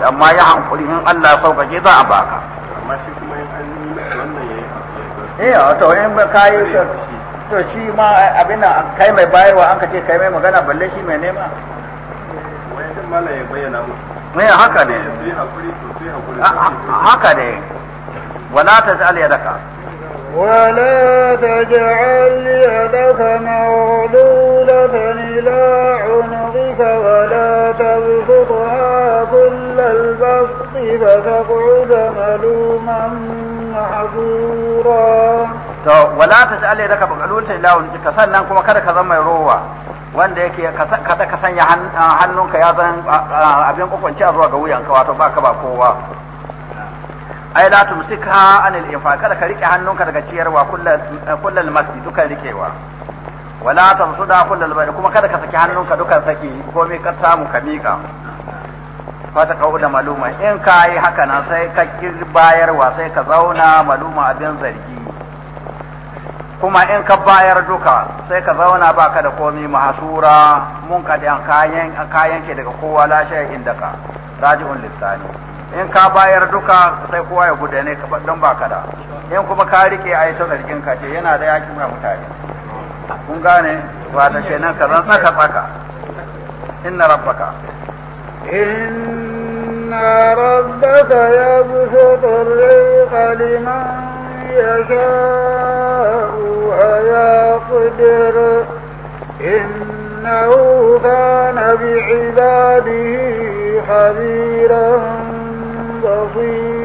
amma ya hankuri in Allah ya sauƙaƙe za a baka amma shi kuma yin an wannan yayi eh to in ba kai to shi ma abin nan kai mai bayarwa an ka ce kai mai magana balle shi mai nema wayan mala ya bayyana musu eh haka ne sai hakuri to sai hakuri ah, ah, haka ne wala ta taj'al yadaka ولا تجعل يدك مغلولة إلى عنقك ta تبسط البسط فتقعد ملوما محظورا to wala ta ji Allah zaka ta ila wani ka sannan kuma kada ka zama mai rowa wanda yake kada ka sanya hannunka ya zan abin kokonci a zuwa ga wuyanka wato baka ba kowa ai la tumsika anil infaq kada ka rike hannunka daga ciyarwa kullal masjid duka rikewa wala tamsuda kullal bayt kuma kada ka saki hannunka dukan saki komai ka samu ka mika fata da maluma in ka yi haka nan sai ka bayarwa sai ka zauna maluma abin zargi kuma in ka bayar duka sai ka zauna baka da komi mahasura mun ka da kayan kayan ke daga kowa lashe inda ka raji'un lissani in ka bayar duka sai kowa ya ne ka don baka da in kuma ka rike ai ta zargin ka ce yana da yakin ga mutane kun gane wata kenan ka zan tsaka tsaka inna rabbaka إن ربك يبسط الرزق لمن يشاء ويقدر إنه كان بعباده خبيرا بصيرا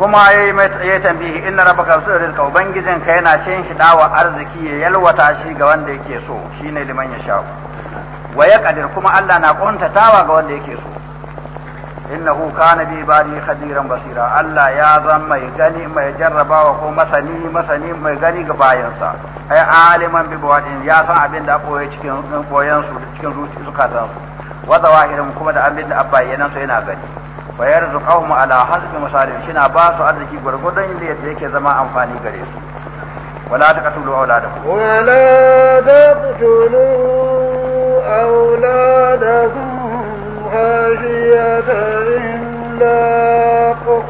kuma ya yi tambihi inna rabbaka su rizqa ubangijinka yana shin hidawa arziki ya yalwata shi ga wanda yake so shine liman yasha wa kadir kuma Allah na kuntatawa ga wanda yake so innahu kana bi ibadi khadiran basira Allah ya zan mai gani mai jarrabawa ko masani masani mai gani ga bayansa ai aliman bi bawadin ya san abin da koyi cikin koyan su cikin zuci zukatan su wa zawahirin kuma da abin da abayyanan su yana gani wa yarzuqahum ala hasbi masalih shina ba su arziki gurgurdan inda yake zama amfani gare su ولا تقتلوا أولادكم ولا تقتلوا أولادهم خشية إملاق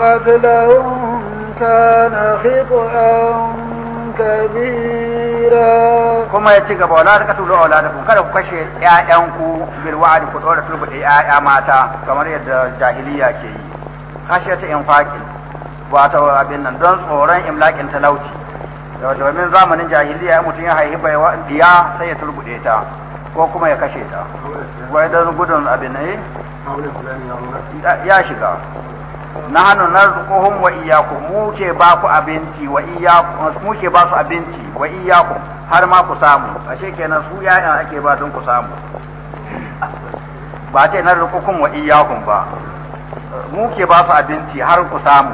قتلهم كان خطأ كبيرا kuma ya ci gaba wala da kada ku kashe bilwa a wa'd ku dora tulbu da ƴaƴa mata kamar yadda jahiliya ke yi kashe ta wato abin nan don tsoron imlakin talauci domin zamanin jahiliya ya mutum ya haihi bai diya sai ya turbude ta ko kuma ya kashe ta wai don gudun abin ne eh? ya shiga na hannu na rukuhun wa iyaku muke ba ku abinci wa iyaku muke ba su abinci wa iyaku har ma ku samu a kenan su yayan ake ba don ku samu ba ce na rukuhun wa iyakun ba muke ba su abinci har ku samu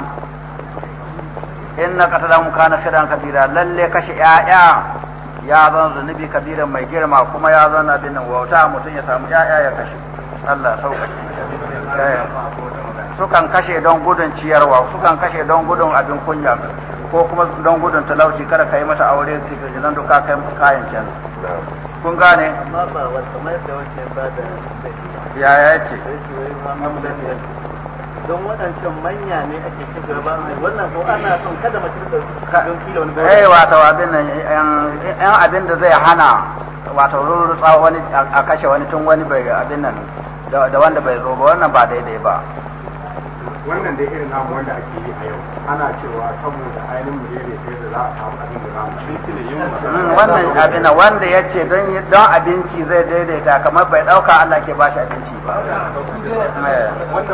inna muka kana shiran kabira lalle kashe ya'ya ya zan zunubi kabiran mai girma kuma ya zan abin nan wauta mutum ya samu ya'ya ya kashe Allah sauƙaƙe kashe don gudun ciyarwa sukan kashe don gudun abin kunya ko kuma don gudun talauci kada ka yi mata aure cikin zan duka kai kayan can kun gane amma ba wata mai da wace ba da yaya ce don waɗancan manya ne ake shiga ba wannan ko ana son kada mace ta don kilo wani bai eh wato abin nan yan abin da zai hana wato rurrutsa wani a kashe wani tun wani bai abin nan da wanda bai zo ba wannan ba daidai ba wannan dai irin namu wanda ake yi a yau ana cewa saboda ainihin mu ne da za a samu abin da zamu abinci ne yin wannan abin wanda ya ce don abinci zai daidaita kamar bai dauka Allah ke bashi abinci ba wannan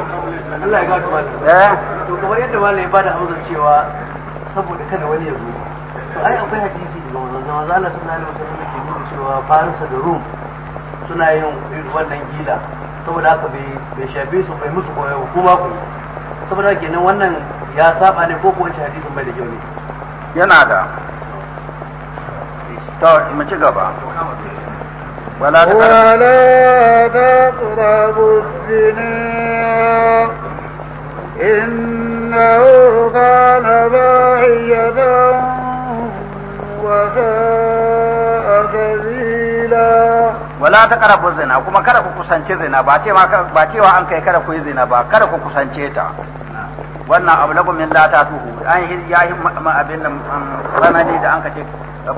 Allah ya ga kuma ba. to kamar yadda malai ba da amsa cewa saboda kada wani ya zo to ai akwai hadisi daga manzon Allah sallallahu alaihi wasallam ke nuna cewa faransa da Rum suna yin wannan gila saboda haka bai shafe su bai musu koyo kuma ku saboda kenan wannan ya saba ne ko ko wancan hadisin bai da kyau ne yana da to mu ci gaba ولا تقربوا الزنا إنه كان باعية وساء سبيلا wala ta karabu zina kuma kada ku kusance zina ba ce ba cewa an kai kada ku yi zina ba kada ku kusance ta wannan abu ablagu min la tuhu an yi ma abin nan mm, sanani da an kace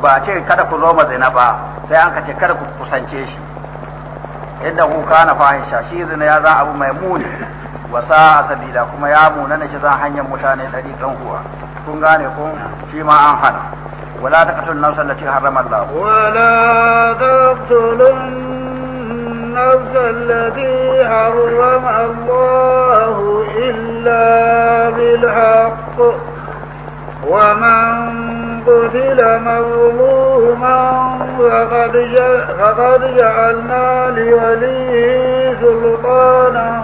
ba ce kada ku zoma zina ba sai an kace kada ku kusance shi inda ku kana fahisha shi zina ya za abu mai muni wa sa'a sabila kuma ya muna ne shi zan hanyar mutane dari kan kuwa kun gane kun shi ma an hana ولا تقتلوا النفس التي حرم الله ولا تقتلوا النفس التي حرم الله إلا بالحق ومن قتل مظلوما فقد, فقد جعلنا لوليه سلطانا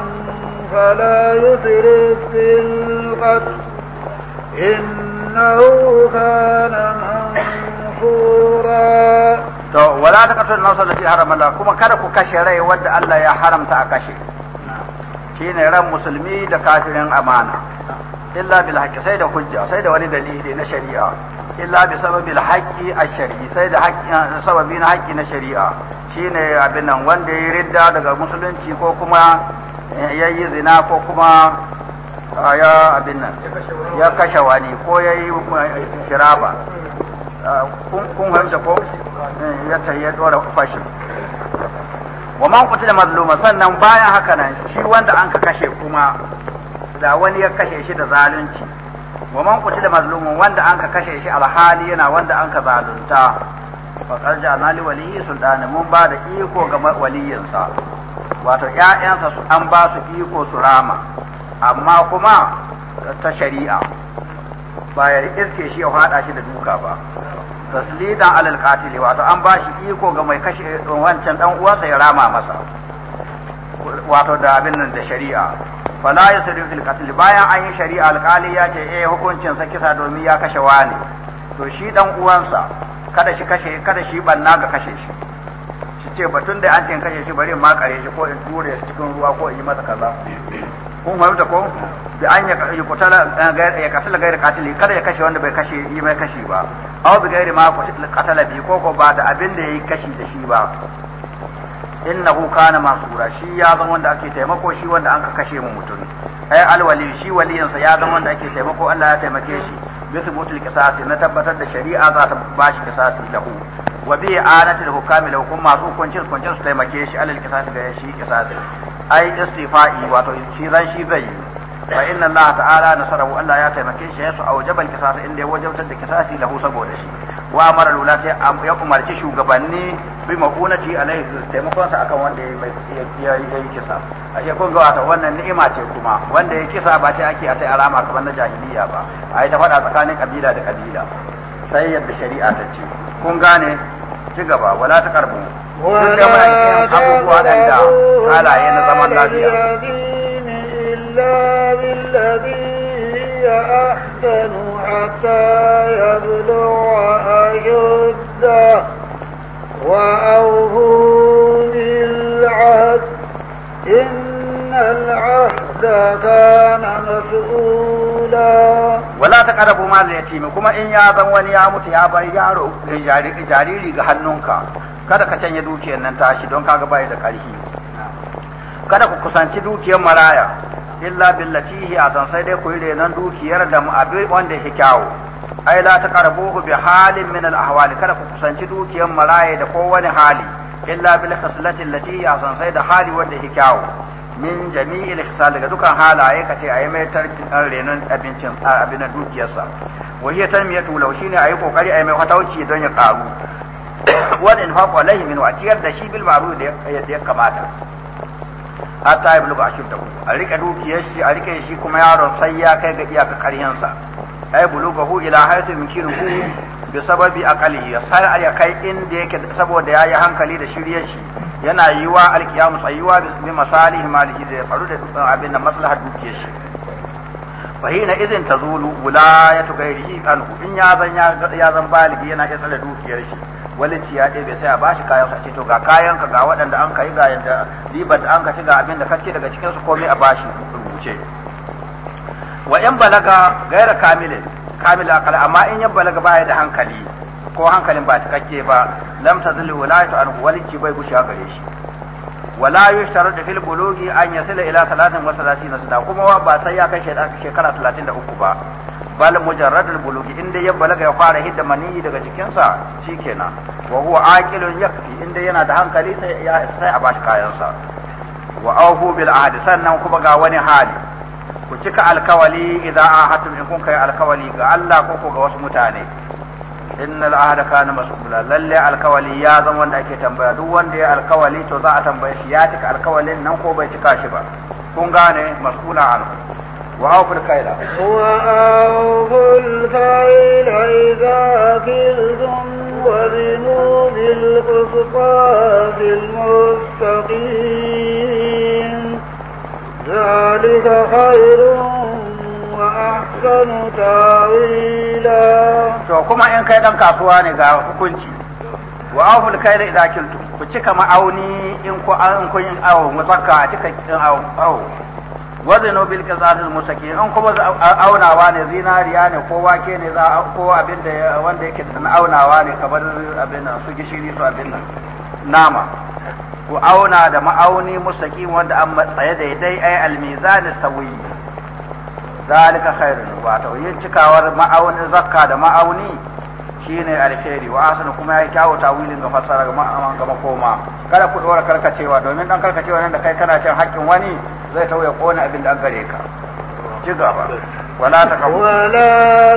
فلا يسرف في القتل إنه كان to wala ta kasu nafsa da haram Allah kuma kada ku kashe rai wadda Allah ya haramta a kashe shine ran musulmi da kafirin amana illa bil haqqi sai da hujja sai da wani dalili na shari'a illa bi sababil haqqi a shari sai da haqqi sababi na haqqi na shari'a shine abin nan wanda ya ridda daga musulunci ko kuma eh, yayi zina ko kuma ah, ya abin nan ya kashe wani ko yayi eh, shiraba kun da ko eh, ya tayi ya dora fashin wa man qutila mazluma sannan bayan haka nan shi wanda an ka kashe kuma da wani ya kashe shi da zalunci wa man qutila mazlumun wanda an ka kashe shi alhali yana wanda an ka zalunta fa jana li waliyi sultana mun ba da iko ga waliyinsa wato ‘ya'yansa an ba su iko su rama amma kuma ta shari'a ba ya iske shi ya fada shi da duka ba taslida alal qatil wato an ba shi iko ga mai kashe wancan dan uwansa ya rama masa wato da abin nan da shari'a fala yasri fil qatl bayan an yi shari'a alqali ya ce eh hukuncin sa kisa domin ya kashe wani to shi dan uwansa kada shi kashe kada shi banna ga kashe shi shi ce batun da an ce kashe shi bari ma kare shi ko in ture shi cikin ruwa ko in yi masa kaza kun fahimta ko da an ya kutala eh, ya katala gairi katili kada ya kashe wanda bai kashe yi mai kashi ba aw bi gairi ma katala bi ko ko ba da abin da yayi kashi da shi ba innahu kana masura shi ya zama wanda ake taimako shi wanda an ka kashe mu mutum ai alwali shi waliyansa ya zama wanda ake taimako Allah ya taimake shi bi thubutul qisas na tabbatar da shari'a za ta bashi qisas lahu wa bi anati al hukami lahu kun masu kuncin hukuncin su taimake shi alal qisas ga shi qisas ai istifa'i wato shi zan shi zai yi fa inna Allah ta'ala nasarahu Allah ya taimake shi su a wajaban kisasa inda ya wajabtar da kisasi lahu saboda shi wa amara lula sai ya umarci shugabanni bi maunati alaihi taimakon sa akan wanda ya yi kisa a ce kun ga wata wannan ni'ima ce kuma wanda ya kisa ba ce ake a alama kamar na jahiliya ba a yi ta faɗa tsakanin kabila da kabila sai yadda shari'a ta ce kun gane ci gaba wala ta karbu kun gama yin abubuwa da halaye na zaman lafiya أحسن حتى يبلغ أشده وأوفوا بالعهد إن العهد كان مسؤولا ولا تقربوا مال اليتيم كما إن يا بني يا مت يا بني يا jariri ga hannunka kada ka canye dukiyar nan tashi don kaga bai da ƙarfi kada ku kusanci dukiyar maraya illa billati hi azan sai dai ku yi renon dukiyar da abin wanda yake kyawu ai la taqrabuhu bi halin min al ahwali kada ku kusanci dukiyar maraya da kowane hali illa bil khaslati allati hi azan sai da hali wanda yake kyawu min jami'il khisal daga dukan halaye kace ayi mai tarkin renon abincin abin dukiyarsa wa hiya tanmiyatu law shine ayi kokari ayi mai fatauci don ya karu wani in haƙo alaihi min wa ciyar da shi bil ma'ruf da ya kamata hatta ibnu bashir da ku a rike dukiyar shi a rike shi kuma yaron sai ya kai ga iyaka karyansa ai buluga hu ila haythu yumkinu bi sababi aqalihi sai ya kai inda yake saboda yayi hankali da shiryar shi yana yiwa alkiyamu tsayuwa bi masalih malihi da faru da abin da maslaha dukiyar shi fa hina idin tazulu wilayatu shi kanu in ya zan ya zan baligi yana iya tsare dukiyar shi walinci ya ɗebe sai a bashi kayan sace to ga kayan ka ga waɗanda an kai ga yadda ribar da an ka ci ga abin da ka ce daga cikin su komai a bashi rubuce wa in balaga gaira kamilin kamil akal amma in ya balaga baya da hankali ko hankalin ba cikakke ba lam tazil walayatu an walinci bai gushi gare shi yushtaru da fil bulugi an yasila ila 33 sana kuma ba sai ya kai shekara 33 ba. bal mujarradul buluki inda ya balaga ya fara hidda maniyi daga sa shikenan wa huwa aqilun yakfi inda yana da hankali sai ya sai a bashi kayansa wa awhu bil ahd sannan ku ga wani hali ku cika alkawali idza ahatum in kun kai alkawali ga Allah ko ko ga wasu mutane innal ahda kana mas'ula lalle alkawali ya zama wanda ake tambaya duk wanda ya alkawali to za a tambaye shi ya cika alkawalin nan ko bai cika shi ba kun gane mas'ula anhu وأوفوا الكيل وأوفوا الكيل إذا كلتم وزنوا بالقسطاس المستقيم ذلك خير وأحسن تاويلا to kuma in kai dan kasuwa ne ga hukunci wa awful kayla idza kiltum ku cika ma'auni in ku an kun awo mutakka cika awo wazinu bil qisas al in kuma aunawa ne zinariya ne ko wake ne za ko abin da wanda yake da aunawa ne kamar abin nan su gishiri su abin nan nama ku auna da ma'auni mustaqim wanda an matsaye daidai ai al mizan sawi zalika khairun wa yin cikawar ma'auni zakka da ma'auni shi ne alheri wa asana kuma ya yi kyawo tawilin ga fassara ga ma'aman ga makoma kada ku dora karkacewa domin dan karkacewa nan da kai kana cin haƙƙin wani zai tauye kona abin da an gare ka ci gaba wala ta kafu wala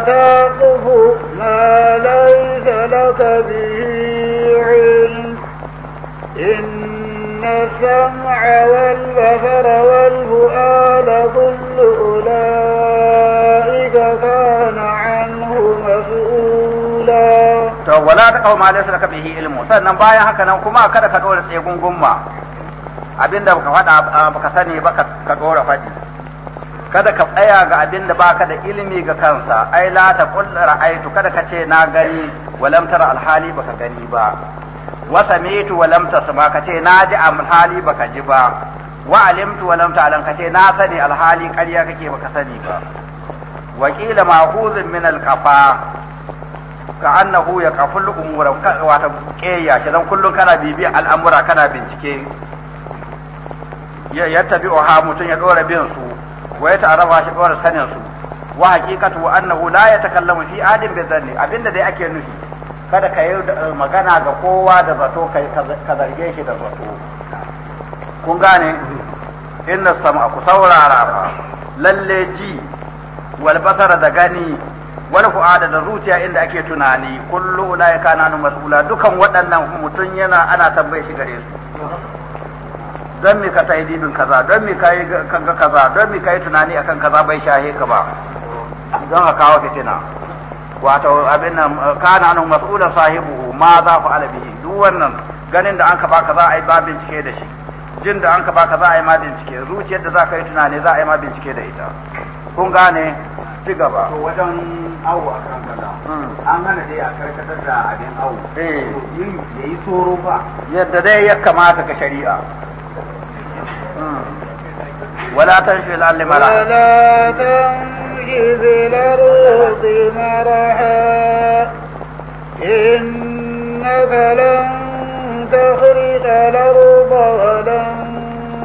ta kafu ma laysa laka bihi ilm sam'a wal basara wal da to wala ta kawo malai su da ilmu sannan bayan haka nan kuma kada ka dora tsegun gumma abinda baka faɗa baka sani ba ka dora faɗi kada ka tsaya ga abinda baka da ilimi ga kansa ai la ta qul ra'aytu kada ka ce na gani walam tara alhali baka gani ba wa sami'tu walam tasma ka ce na ji alhali baka ji ba wa alimtu walam ta'lam ka ce na sani alhali ƙarya kake baka sani ba wa qila ma'khuzun min alqafa ka annahu ya kaful umura wata ƙeya shi dan kullun kana bibiya al'amura kana bincike ya o ha mutun ya dora bin su wa ya ta'arafa shi dora sanin su wa haqiqatu annahu la takallamu fi adin bi zanni abinda dai ake nufi kada ka yi eh, magana ga kowa da zato kai ka zarge shi da zato kun gane inna sam'a ku saurara fa lalle ji wal basara da gani wal fu'ada da zuciya inda ake tunani kullu ulai kana nu mas'ula dukan waɗannan mutum yana ana tambaye shi gare su dan me ka tayi dibin kaza don me kai kanka kaza don me kai tunani akan kaza bai shahe ka ba dan ka kawo fitina wato abin nan kana nu mas'ula sahibu ma za fa'ala bihi duk wannan ganin da an ka baka za a yi babin cike da shi jin da an ka baka za a yi ma bincike zuciyar da za ka yi tunani za a yi ma bincike da ita kun gane ci gaba to wajen awo a kan kaza an hana dai a karkatar da abin awo eh ya yi tsoro ba yadda dai ya kamata ga shari'a ولا تمشي الأرض مرحا ولا تمشي في الأرض مرحا إنك لن تخرج الأرض ولن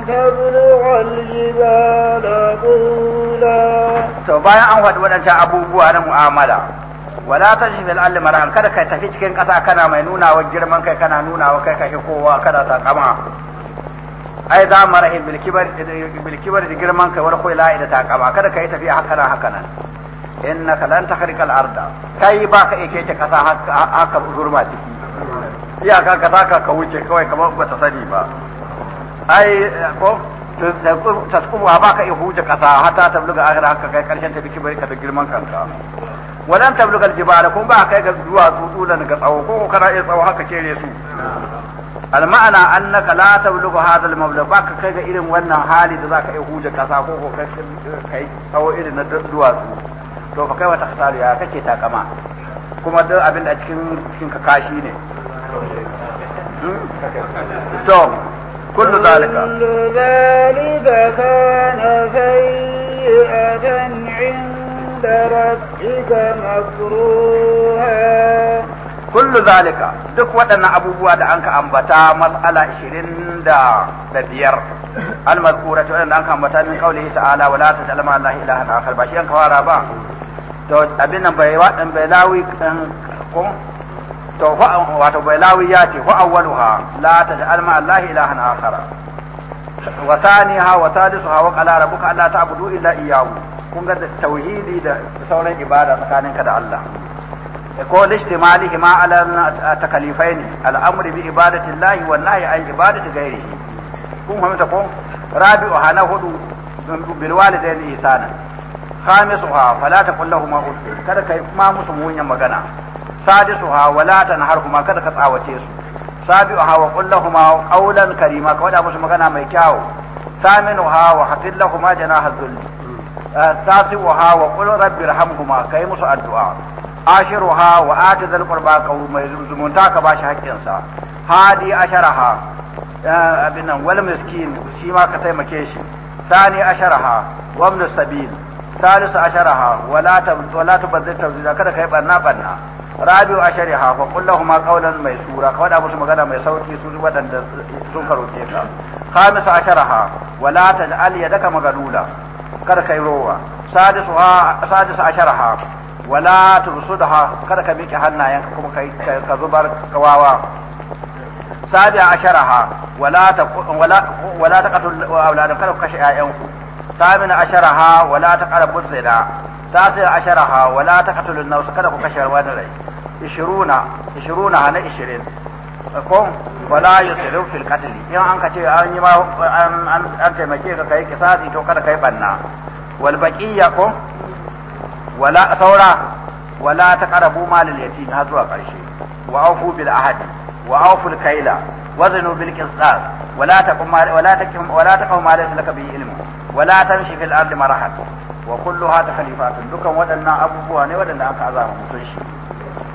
تبلغ الجبال طولا to bayan an faɗi waɗancan abubuwa na mu'amala wala ta shi fil alli marahan kada kai tafi cikin ƙasa kana mai nuna wa girman kai kana nuna wa kai kashe kowa kada ta kama ai za mu marahin bil kibar bil kibar da girman kai wani ida ta kama kada kai tafi haka nan haka nan innaka lan tahriqa al arda kai ba ka ike ta ƙasa haka zurma ciki iyaka ka ka wuce kawai kamar ba ta sani ba ai ko taskuwa ba ka iya huce kasa hata tabluga akhira haka kai karshen ta biki bari ka da girman kanka walan tablugal jibala kun ba kai ga zuwa tsulan ga tsawo ko kana iya tsawo haka kere su al-ma'ana المعنى انك لا تبلغ هذا ba ka kai ga irin wannan hali da zaka iya huja kasa ko ko kai tsawo irin na duwatsu to fa kai wata khasari ya kake takama kuma duk abin da cikin cikin ka kashi ne hmm? to kullu zalika kullu zalika duk waɗannan abubuwa da anka ambata mas'ala 20 da biyar al-mazkura waɗanda anka ambata min qaulihi ta'ala wala taj'al ma ba shi an kawara ba to abin nan bai waɗan bai lawi kan to fa wato lawi ya ce fa awwaluha la da alma Allah ilahan akhara wa thaniha wa thalithuha wa qala rabbuka alla ta'budu illa iyyahu kun ga da tauhidi da sauran ibada tsakaninka da Allah e ko lishtimalihi ma ala takalifaini al'amri bi ibadati Allah wa nahi an ibadati ghairihi kun fahimta ko Rabi wa hana hudu bil walidaini ihsana khamisuha fala taqul lahumu kada kai ma musu munyan magana sadisuha wala tanharhuma kada ka tsawace su sabi'uha wa qul lahumu qawlan karima ka wada musu magana mai kyawu thaminuha wa haqil lahumu janaha dhulli mm. eh, tasi'uha wa qul rabbi irhamhuma kai musu addu'a ashiruha wa ati dhal qurba qaw mai zumunta ka bashi haƙƙin sa hadi asharaha eh, abin nan wal miskin shi ma ka taimake shi thani asharaha wa ibn sabil ثالث عشرها ولا ولا تبذل kada كذا كيف برنا برنا rabi'u ashariha fa qul lahum mai sura ka wada musu magana mai sauki su wadanda sun karoke ka khamisa asharaha wala taj'al yadaka magalula kada kai rowa sadisuha sadis asharaha wala tursudha kada ka miƙe hannayenka kuma kai ka zubar kawawa sabi asharaha wala ta wala wala ta qatul auladan kada ka kashe ƴaƴanku ثامن عشرها ولا تقربوا الزنا تاسع عشرها ولا تقتلوا النفس kada ku kashe wani rai ishiruna ishiruna hana ishirin ko wala yusiru fil qatl in an kace an yi ma an taimake ka kai kisasi to kada kai banna wal baqiya wala saura wala taqrabu mal al yatim har zuwa karshe wa aufu bil ahadi wa aufu al kaila wala taqum wala tamshi fil ardi marahat wa kulluha takalifatun dukan waɗannan abubuwa ne waɗanda aka azama mutum shi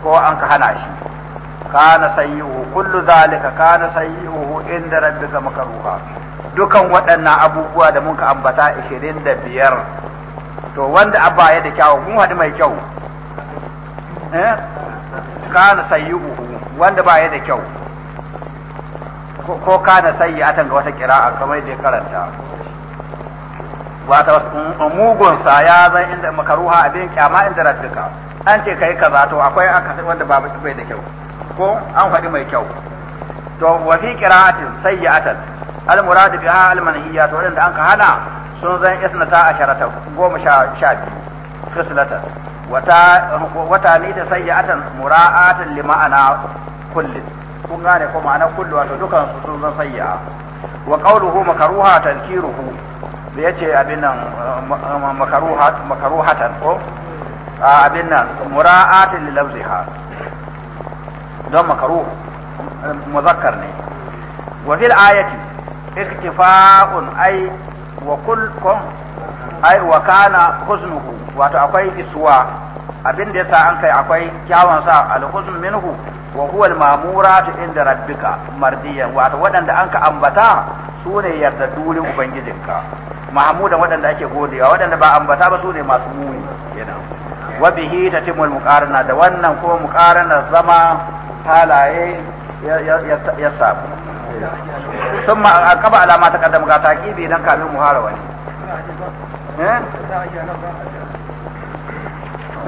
ko an ka hana shi kana sayyi'u kullu zalika kana sayyi'u inda rabbika makruha dukan waɗannan abubuwa da muka ambata 25 to wanda abba ya da kyau mun hadi mai kyau eh kana sayyi'u wanda ba ya da kyau ko kana sayyi'atan ga wata kira'a kamar da karanta wato mugun sa ya zan inda makaruha abin kyama inda rabbika an ce kai kaza to akwai aka wanda ba bai da kyau ko an faɗi mai kyau to wa fi qira'atin sayyi'atan al murad biha al manhiya to wanda an ka hana sun zan isnata asharata goma sha sha biyu wata wata ni da sayyi'atan mura'atan ma'ana kullin kun gane ko ma'ana kullu wato dukan su sun zan sayya wa qawluhu makaruha tankiruhu da ya ce abin nan makaruhatan ko abin nan mura'atin lilafziha don makaruh muzakkar ne wa fil ayati iktifa'un ai wa kull ai wa kana huznuhu wato akwai isuwa abin da yasa an kai akwai kyawun sa alhuzn minhu wa huwa almamuratu inda rabbika mardiyan wato waɗanda an ka ambata sune yarda durin ubangijinka mahmudan waɗanda ake godewa waɗanda ba ambata ba su ne masu muni wa bihi ta timul muqarana da wannan kuma muqarana zama halaye ya samu ثم عقب على ما تقدم ga taqibi dan kamin muhara wani eh?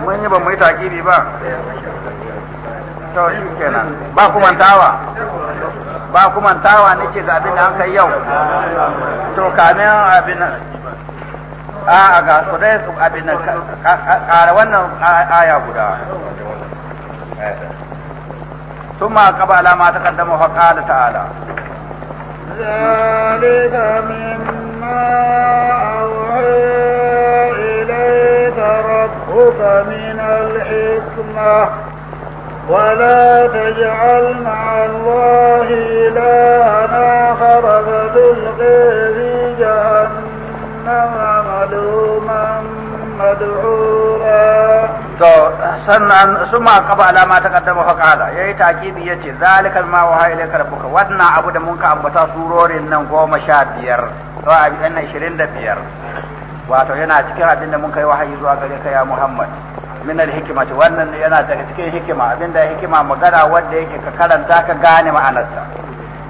mun yi ba mu yi taqibi ba to shi kenan ba ku mantawa ba ku mantawa nake ga abin da an kai yau to kamin abin a a ga su dai su abin da kare wannan aya guda ثم قبل ما تقدم فقال تعالى ذلك مما أوحي إليك ربك من الحكمة ولا تجعل مع الله إلهنا آخر فتلقي في جهنم ملوما مدعورا sannan su ma kaba alama ta kaddama fa kala yayi takibi yace zalika ma wa hayla karbuka wannan abu da mun ka ambata surorin nan goma sha biyar to a bi 25 wato yana cikin abin da mun kai wahayi zuwa gare ka ya Muhammad min al-hikma wannan yana daga cikin hikima abinda hikima magana wanda yake ka karanta ka gane ma'anarta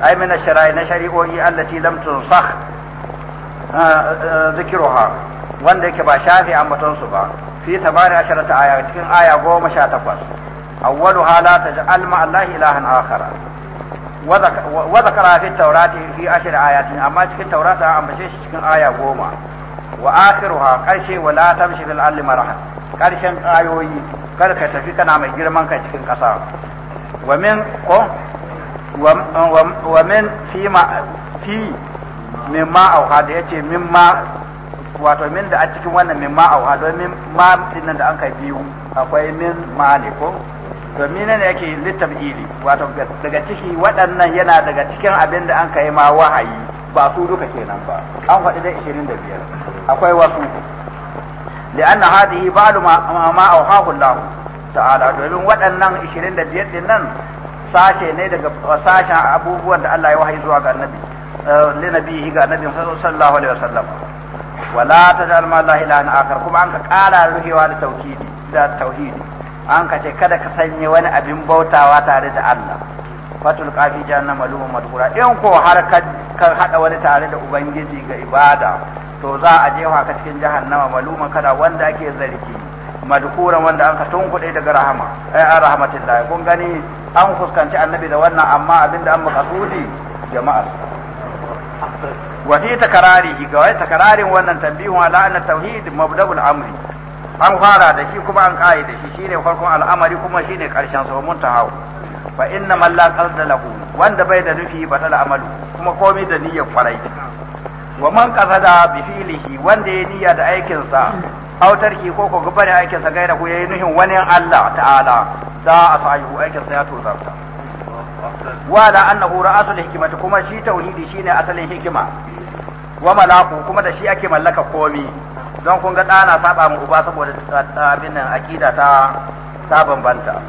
ai min ash-shara'i na shari'o'i allati lam tunsakh ah, ah, zikruha wanda yake ba shafi ambaton su ba fi tabari asharata aya cikin aya goma sha takwas awwaluha la taj'al ma allahi ilahan akhara wa zakara fi taurati fi ashir ayatin amma cikin taurata an ambace shi cikin aya goma wa akhiruha qarshe wa la tamshi fil ardi marahan ƙarshen ayoyi kar ka tafi kana mai girman ka cikin ƙasa wa min ko wa min fi ma fi min ma auha da yace min ma wato min da a cikin wannan min ma auha don min ma dinnan da an kai biyu akwai min ma ne ko min ne yake litabili wato daga ciki waɗannan yana daga cikin abin da an kai ma wahayi ba su duka kenan ba an faɗi da 25 akwai wasu لأن هذه بعد ما ما أوحاه الله تعالى domin waɗannan 25 din nan sashe ne daga sashen abubuwan da Allah ya wahayi zuwa ga annabi linabihi ga annabi sallallahu alaihi wasallam wala tajal ma la ilaha akhar kuma an ka ƙara ruhewa da tauhidi da tauhidi an ka ce kada ka sanya wani abin bautawa tare da Allah fatul kafi jahannama lumun madhura in ko har ka hada wani tare da ubangiji ga ibada to za a jefa ka cikin jahannama maluma kada wanda ake zargi madkuran wanda an ka tunkuɗe daga rahama ai eh, an rahmatillah kun gani an fuskanci annabi da wannan amma abinda an makasudi jama'a Wani fi ga takararin wannan tambihun ala anna tauhid mabda'ul amri an fara da shi kuma an kai da shi shine farkon al'amari kuma shine karshen sa mun tahawu fa inna man la qalda lahu wanda bai da nufi batala amalu kuma komai da niyyar kwarai wa man qasada bi fi'lihi wanda ya niyya da aikin sa autarki ko ko bari aikin sa gaira ko yayin nuhin wani Allah ta'ala za a sa'ihu aikin sa ya wa wala annahu ra'atul hikmati kuma shi tauhidi shine asalin hikima wa malaku kuma da shi ake mallaka komi don kun ga ɗana saba mu uba saboda abin nan akida ta ta bambanta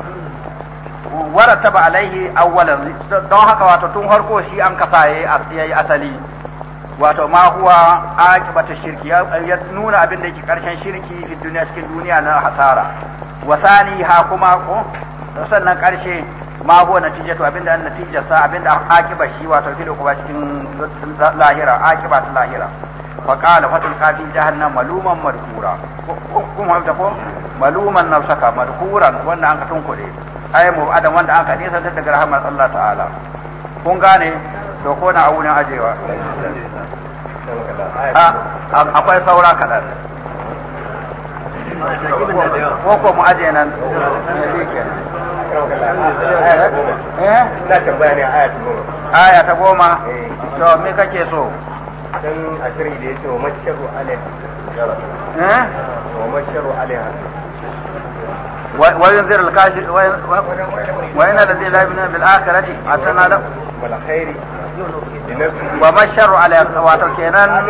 wara taba alaihi awwalan don haka wato tun harko shi an kasa yayi asali wato ma huwa aqibatu shirki ya nuna abin da yake karshen shirki fi duniya cikin duniya na hasara wa sani ha kuma ko sannan karshe ma huwa natijatu abin da an natijarsa abin da aqiba shi wato fil uquba cikin lahira aqiba ta lahira fa qala fatul qafi jahannam maluman madhura kuma da ko maluman nafsaka madhuran wanda an ka tunkure ai mu adam wanda an ka nisa daga rahmar Allah ta'ala kun gane to ko na a wurin ajewa Ah, akwai saura kadan ko ko mu aje nan eh? aya ta goma eh. to me kake so dan asiri da yake wa masharu alaiha eh? wa masharu alaiha وينذر الكافر وإن الذي لا يؤمن بالآخرة أتنا له والخير وما الشر على واتركنا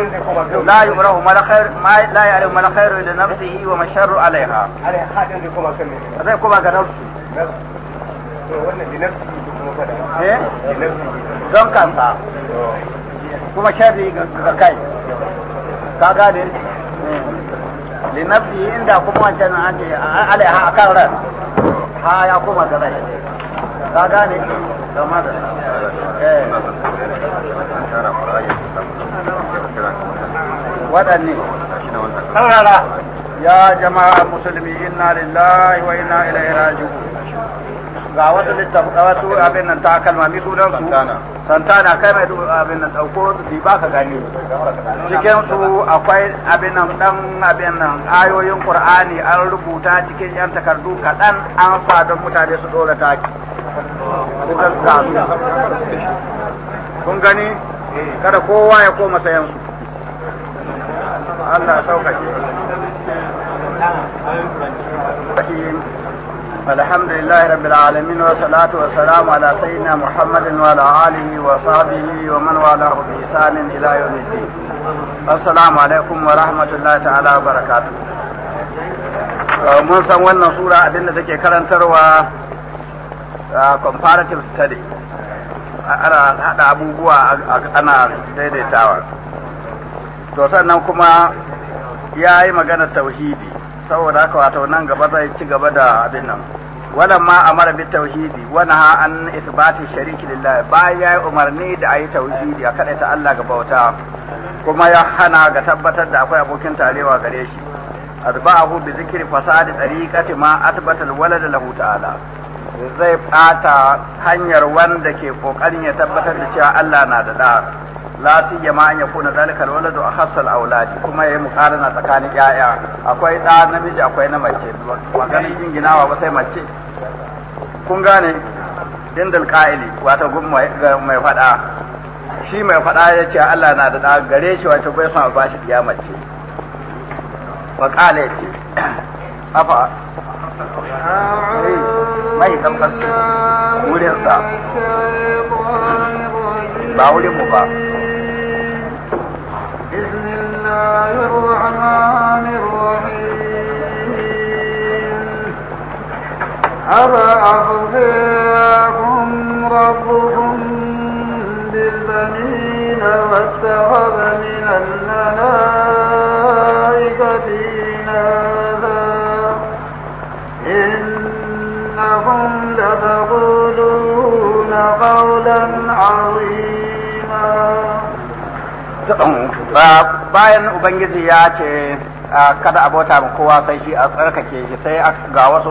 لا يبره ما الخير ما لا يعلم ما الخير لنفسه وما الشر عليها عليها حاجة لكم أكلمة هذا يكون أكلمة نفسه لنفسه don kansa kuma sharri ga kai ka gane linafsi inda kuma wancan an ce alaiha a kan ran ha ya kuma ga rai ka gane game da eh. waɗanne saurara ya jama'a musulmi inna lillahi wa inna ilaihi raji'un ga wata littafi ga wasu abin nan kalma mi sunan su santana kai mai abin nan dauko su ba ka gani cikin su akwai abin nan dan abin nan ayoyin qur'ani an rubuta cikin yan takardu kadan an sa don mutane su dora taki kun gani kada kowa ya koma sayan su Allah sauƙaƙe. الحمد لله رب العالمين والصلاة والسلام على سيدنا محمد وعلى آله وصحبه ومن والاه بإحسان إلى يوم الدين السلام عليكم ورحمة الله تعالى وبركاته mun san wannan sura abinda take karantarwa comparative study ana hada abubuwa ana daidaitawa to sannan kuma ya yi magana tauhidi saboda haka wato nan gaba zai ci gaba da abin nan wannan ma amara bi tauhidi wannan ha an isbati shariki lillahi baya umarni da ayi tauhidi a kada ta Allah ga bauta kuma ya hana ga tabbatar da akwai abokin tarewa gare shi azbahu bi zikri fasadi tariqati ma atbatal walad lahu ta'ala zai ɓata hanyar wanda ke kokarin ya tabbatar da cewa Allah na da da la su ma an ya kuna zalika alwaladu ahsal auladi kuma ya mukarin a tsakanin yaya akwai da namiji akwai na mace maganin jinginawa ba sai mace kun gane indal ka'ili wata gun mai fada shi mai fada ya ce Allah na da da gare shi wata bai sama ba shi biya mace ba qala ya ce afa mai tamkar wurin sa ba wurin mu ba الله الرحمن الرحيم أفأصفاكم ربكم بالبنين واتخذ من الملائكة إناثا إنكم لتقولون قولا عظيما bayan ubangiji ya ce kada a bauta ma kowa sai shi a tsarkake shi sai ga wasu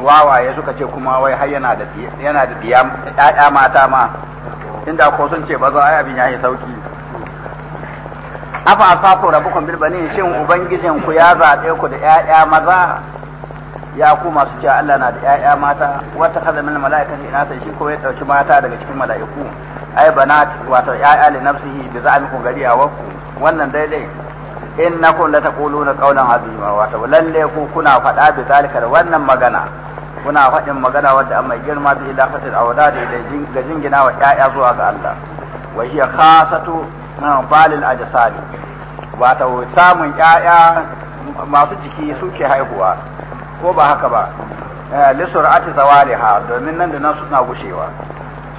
wawaye suka ce kuma wai har yana da yana da ɗaya mata ma inda ko sun ce ba za a abin yayi sauki afa asafu rabbukum bil banin shin ubangijin ku ya zabe ku da ƴaƴa maza ya ku masu cewa Allah na da ƴaƴa mata wata kaza min ina sai shi ko ya dauki mata daga cikin mala'iku ai bana wato ya'ya li nafsihi bi za'amikum gari a wakku wannan daidai innakum la taquluna qawlan azima wato lalle ku kuna faɗa bi zalika da wannan magana kuna faɗin magana wadda mai girma bi fatil awdad da ga jingina wa ya'ya zuwa ga Allah wa hiya khasatu balil ajsadi wato samun ya'ya masu jiki suke haihuwa ko ba haka ba eh, lissur'ati zawaliha domin nan da nan suna gushewa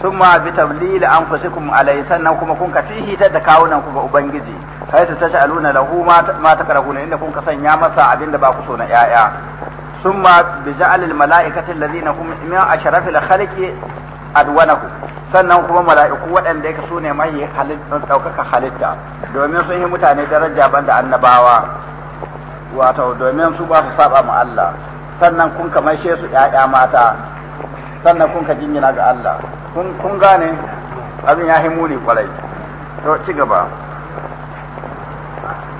summa ma bi tablil an kusikum alai sannan kuma kun ka fihitar da kawunan ku ga ubangiji kai su ta sha'aluna lahu ma ta karahuna inda kun ka sanya masa abinda ba ku so na yaya sun ma bi ja'alil mala'ikati allazina hum min ashrafil khalqi adwanahu sannan kuma mala'iku wadanda yake su ne mahi halitta ɗaukaka halitta domin sun yi mutane daraja banda annabawa wato domin su ba su saba ma Allah sannan kun kamashe su yaya mata sannan kun ka jingina ga Allah kun gane abin ya himuni kwarai to ci gaba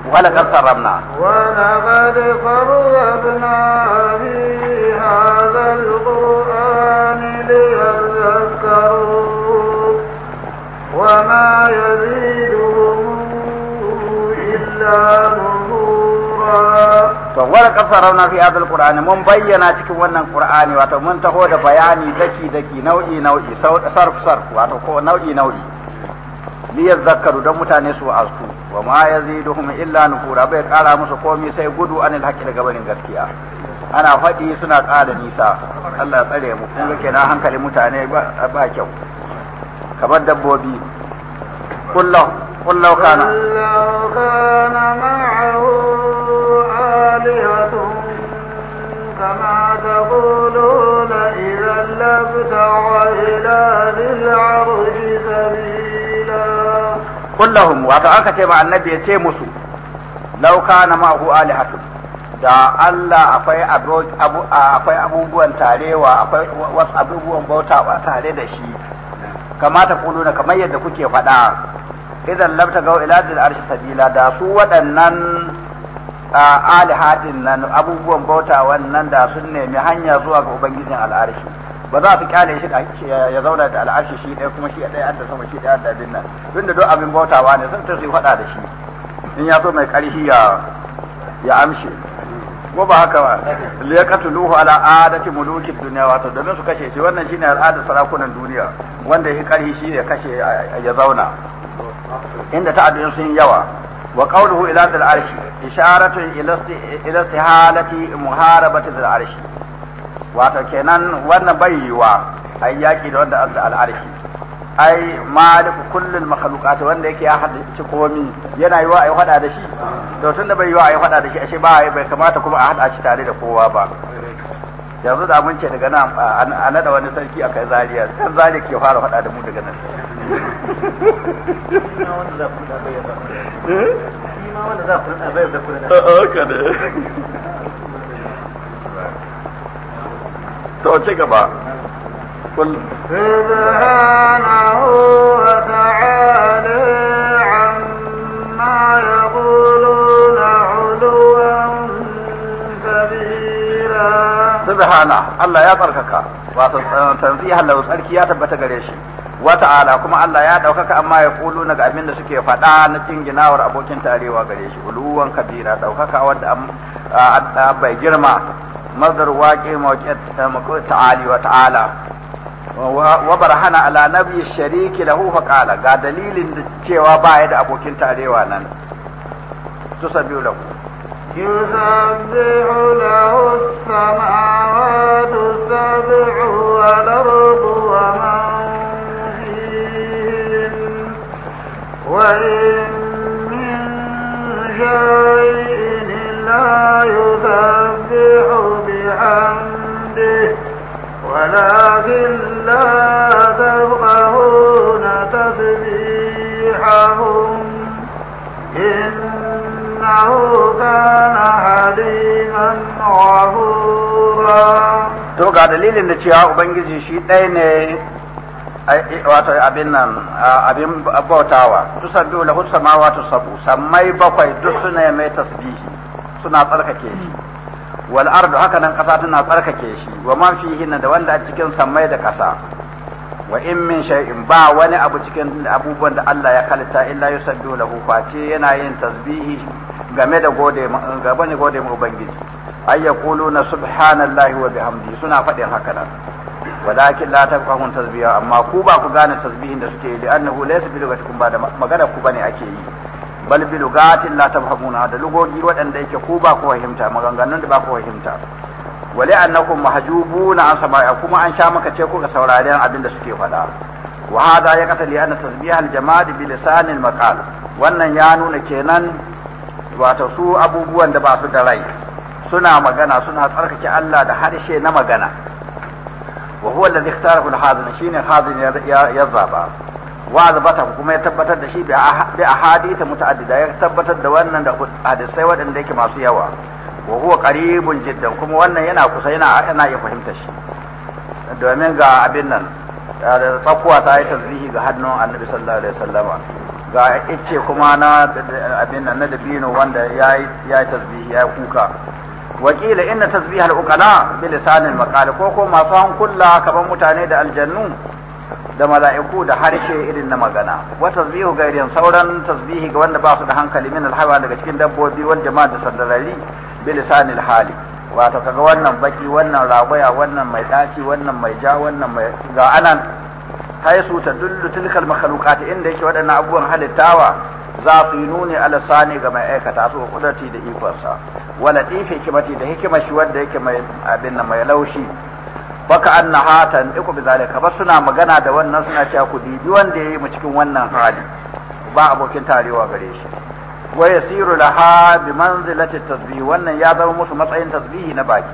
ولقد قربنا ولقد وما يزيدهم إلا to wala rauna fi hadha alqur'ani mun bayyana cikin wannan qur'ani wato mun taho da bayani daki daki nau'i nau'i sarf sarf wato ko nau'i nau'i li yadhakkaru dan mutane su astu wa ma yaziduhum illa nufura bai kara musu komai sai gudu anil haqqi daga barin gaskiya ana faɗi suna ƙara nisa Allah ya tsare mu kun ga hankalin mutane ba kyau kamar dabbobi kullu kullu kana kullu kana ma'ahu ناظرة كما تقولون إذا ce إلى ذي العرش سبيلا قل لهم وأتعاك تبع النبي تيمسوا لو كان معه آلهة da Allah akwai akwai abubuwan tarewa akwai wasu abubuwan bauta ba tare da shi kamata ku nuna kamar yadda kuke faɗa idan labta ga ila arshi sabila da su waɗannan Alihadin nan abubuwan bauta wannan da sun nemi hanya zuwa ga ubangijin al'arshi ba za su kyale shi ya zauna da al'arshi shi ɗaya kuma shi ɗaya adda sama shi ɗaya da abin nan tunda duk abin bautawa ne sun tafi su faɗa da shi in ya so mai ƙarfi ya ya amshe ko ba haka ba li yaqtuluhu ala adati muluki dunya wato domin su kashe shi wannan shine al'adar sarakunan duniya wanda ya ƙarfi shi ya kashe ya zauna inda ta'addun sun yawa wa qawluhu ila dhil arshi isharatun ila istihalati muharabati dhil arshi wato kenan wannan bai yiwa ai yaki da wanda azza al arshi ai maliku kullul makhluqat wanda yake ya haddace komi yana yiwa ai hada da shi to tunda bai yiwa da shi ashe ba bai kamata kuma a haɗa shi tare da kowa ba yanzu da mun ce daga nan a nada wani sarki a kai zariya sai zariya ke fara faɗa da mu daga nan to ci gaba قل سبحانه وتعالى عما يقول subhana Allah ya tsarkaka wato eh, tanziha lahu tsarki ya tabbata gare shi wa ta'ala kuma Allah ya daukaka amma ya kulu daga abin da suke faɗa na cinginawar abokin tarewa gare shi uluwan kabira daukaka wanda bai girma mazdar waqi mawqi eh, ta'ali wa ta'ala wa barhana ala nabiyyi shariki lahu fa qala ga dalilin da cewa ya da abokin tarewa nan tusabbihu lahu يسبح له السماوات السبع والأرض ومن فيهن وإن من شيء إلا يسبح بحمده ولكن لا تفقهون تسبيحهم إن إنه كان حليما غفورا to ga dalilin da cewa ubangiji shi ɗaya ne wato abin nan abin bautawa tusabbihu lahu samawati sabu sammai bakwai duk suna mai tasbihi suna tsarkake shi wal ardu haka nan kasa tana tsarkake shi wa ma fihi da wanda a cikin sammai da kasa wa in min shay'in ba wani abu cikin abubuwan da Allah ya kalta illa yusabbihu lahu face yana yin tasbihi game da gode gaba ne gode mu ubangiji ay na subhanallahi wa bihamdi suna faɗin haka nan walakin la tafqahun tasbiha amma ku ba ku gane tasbihin da suke yi li'annahu laysa bi lugatikum ba da magana ku bane ake yi bal bi lugatin la tafhamuna da lugogi waɗanda yake ku ba ku fahimta maganganun da ba ku fahimta wali annakum mahjubuna an sama'a kuma an sha maka ce ku ga sauraren abin da suke faɗa wa hada ya kasa li anna tasbih al jama'a bi lisan al maqal wannan ya nuna kenan wato su abubuwan da ba su da rai suna magana suna tsarkake Allah da harshe na magana wa huwa alladhi ikhtarahu al-hazin shine hadin ya zaba wa zabata kuma ya tabbatar da shi bi ahadith mutaaddida ya tabbatar da wannan da hadisai wadanda yake masu yawa wa huwa qaribun jiddan kuma wannan yana kusa yana yana ya fahimta shi domin ga abin nan da tsakuwa ta yi tazrihi ga hannun annabi sallallahu alaihi wasallama ga ice kuma na abin nan na dabino wanda ya yi tasbihi ya kuka wakila inna tasbihal uqala bi lisanil maqal ko ko masu hankula kaman mutane da aljannu da mala'iku da harshe irin na magana wa tasbihu irin sauran tasbihi ga wanda ba su da hankali min alhawa daga cikin dabbobi wal jama'a da sandarari bi lisanil hali wato kaga wannan baki wannan ragwaya wannan mai daci wannan mai ja wannan mai ga anan haisu ta dullu tilkal makhluqat inda yake waɗannan abubuwan halittawa za su yi nuni ala sani ga mai aikata su kudarti da ikonsa wa tifi hikimati da hikima shi wanda yake mai abin nan mai laushi baka anna hatan iku bi zalika ba suna magana da wannan suna cewa ku dibi wanda yayi mu cikin wannan hali ba abokin tarewa gare shi wa yasiru laha bi manzilati tasbihi wannan ya zama musu matsayin tasbihi na baki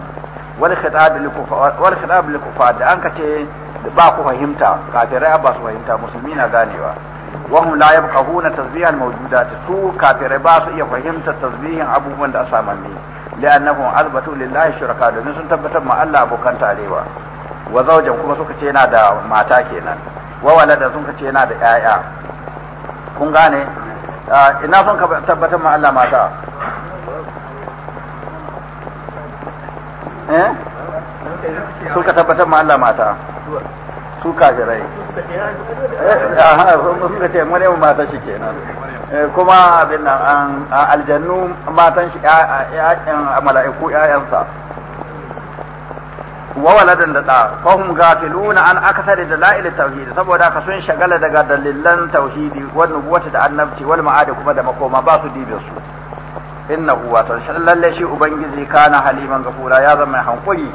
wal khitab lil wal khitab da an ce. ba ku fahimta kafirai ba su fahimta musulmi na ganewa wahum la yabqahuna tasbihan mawjudat su kafirai ba su iya fahimta tasbihin abubuwan da asamanni li'annahum azbatu lillahi shuraka da sun tabbatar ma Allah abokan tarewa wa zawjan kuma suka ce yana da mata kenan wa walada sun ce yana da yaya kun gane ah, ina son ka tabbatar ma Allah mata eh sun ka tabbatar ma Allah mata su kafirai eh, ka ce maryam mata shi kenan eh, kuma abin nan aljannu matan shi mala'iku ya'yansa wa waladan da da hum gafiluna an akasari da la'il tauhid saboda ka sun shagala daga dalilan tauhidi wa nubuwata da annabci wal ma'ada kuma da makoma ba su dibe su innahu wa lalle shi ubangiji kana haliman gafura ya zama hankuri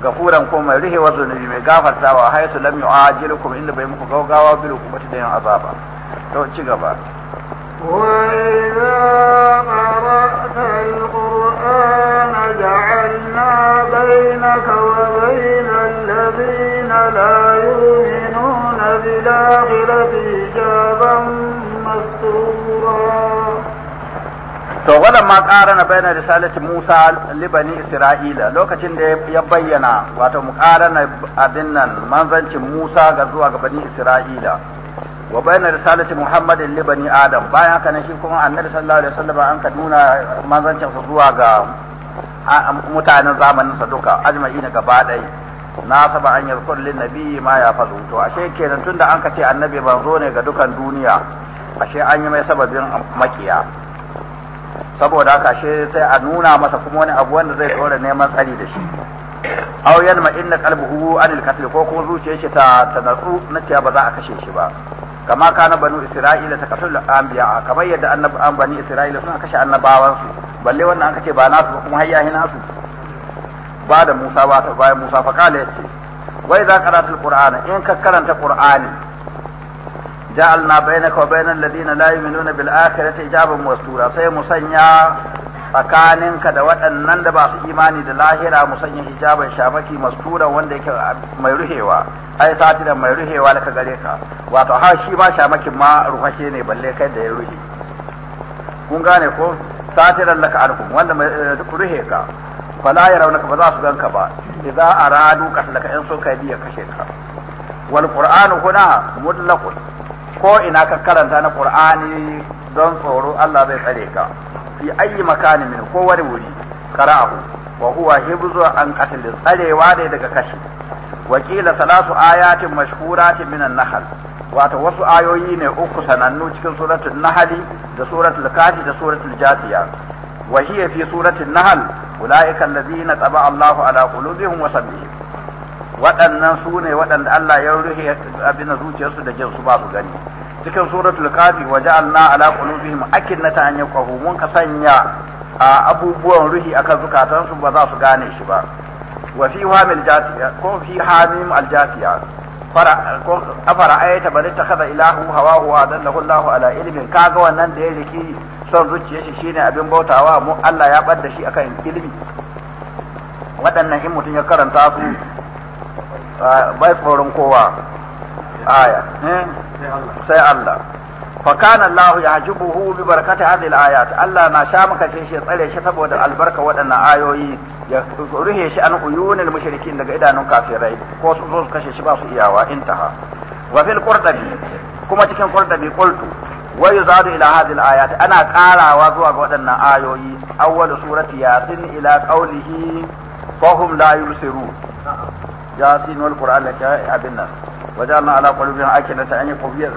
gafuran ko mai rihe wa zunubi mai gafartawa haisu lam yu'ajilukum inda bai muku gaugawa bil hukumati da yin azaba to ci gaba لا يؤمنون بالآخرة مستورا to wannan ma ƙara na bayyana risalati Musa libani Isra'ila lokacin da ya bayyana wato mu ƙara na abin nan manzancin Musa ga zuwa ga bani Isra'ila wa bayyana risalati Muhammad libani Adam bayan haka shi kuma Annabi sallallahu alaihi wasallam an ka nuna manzancin sa zuwa ga mutanen zamanin sa duka ajma'ina gaba ɗaya na saba an yarkur lin nabiyyi ma ya fazu to ashe kenan tunda an ka ce annabi ban zo ne ga dukan duniya ashe an yi mai sababin makiya saboda haka shi sai a nuna masa kuma wani abu wanda zai dora neman tsari da shi aw yalma inna qalbuhu anil qatl ko kuma zuciyar shi ta ta na cewa ba za a kashe shi ba kama kana banu isra'ila ta katul anbiya kamar yadda annabawan bani isra'ila suna kashe annabawan su balle wannan an kace ba nasu kuma hayya hina su ba da Musa ba ta bayan Musa fa kala yace wai za karanta qur'ana in ka karanta qur'ani ja'alna bainaka wa bainal ladina la yu'minuna bil akhirati ijaban wasura sai mu sanya tsakaninka da waɗannan da ba su imani da lahira mu sanya hijaban shamaki mastura wanda yake mai ruhewa ai sati da mai ruhewa da ka gare ka wato har shi ba shamakin ma ruhashe ne balle kai da ya ruhe kun gane ko sati satiran laka alkum wanda mai ruhe ka la ya ka ba za su ganka ba idza aradu qatlaka in sun kai biya kashe ka wal qur'anu huna mutlaqun ko ina ka karanta na qur'ani don tsoro Allah zai tsare ka fi ayi makani min ko wani wuri qara'ahu wa huwa hibzu an qatl tsarewa ne daga kashi wakila salasu ayatin mashhuratin min an-nahl wato wasu ayoyi ne uku sanannu cikin suratul nahli da suratul kafi da suratul jathiya wa hiya fi suratul nahl ulaika alladhina taba Allahu ala qulubihim wa sam'ihim waɗannan su ne waɗanda Allah ya rufe abin zuciyarsu da jinsu ba su gani cikin suratul kafi wa ja'alna ala qulubihim akinnata an yaqahu mun ka sanya abubuwan ruhi akan zukatansu ba za su gane shi ba wa fi hamil jatiya ko fi hamim al jatiya fara ko afara ayata bal takhadha ilahu hawa wa dallahu Allahu ala ilmin kaga wannan da ya riki son zuciyar shi shine abin bautawa mu Allah ya bar da shi akan ilmi waɗannan in mutum ya karanta su Ah, bai tsoron kowa aya hmm? sai Allah fa ya Allah yahjubuhu bi barakati hadhihi ayat Allah na sha maka shi shi tsare shi saboda albarka waɗannan ayoyi ya ruhe shi an uyunil mushrikin daga idanun kafirai ko su zo su kashe shi ba su iyawa intaha wa fil qurdabi kuma cikin qurdabi qultu wa yuzadu ila hadhihi ayat ana karawa zuwa ga waɗannan ayoyi awwal surati yasin ila qawlihi fahum la yubsirun yasin wal qur'an la abin nan wajalna ala qulubihim akinata an yaqulu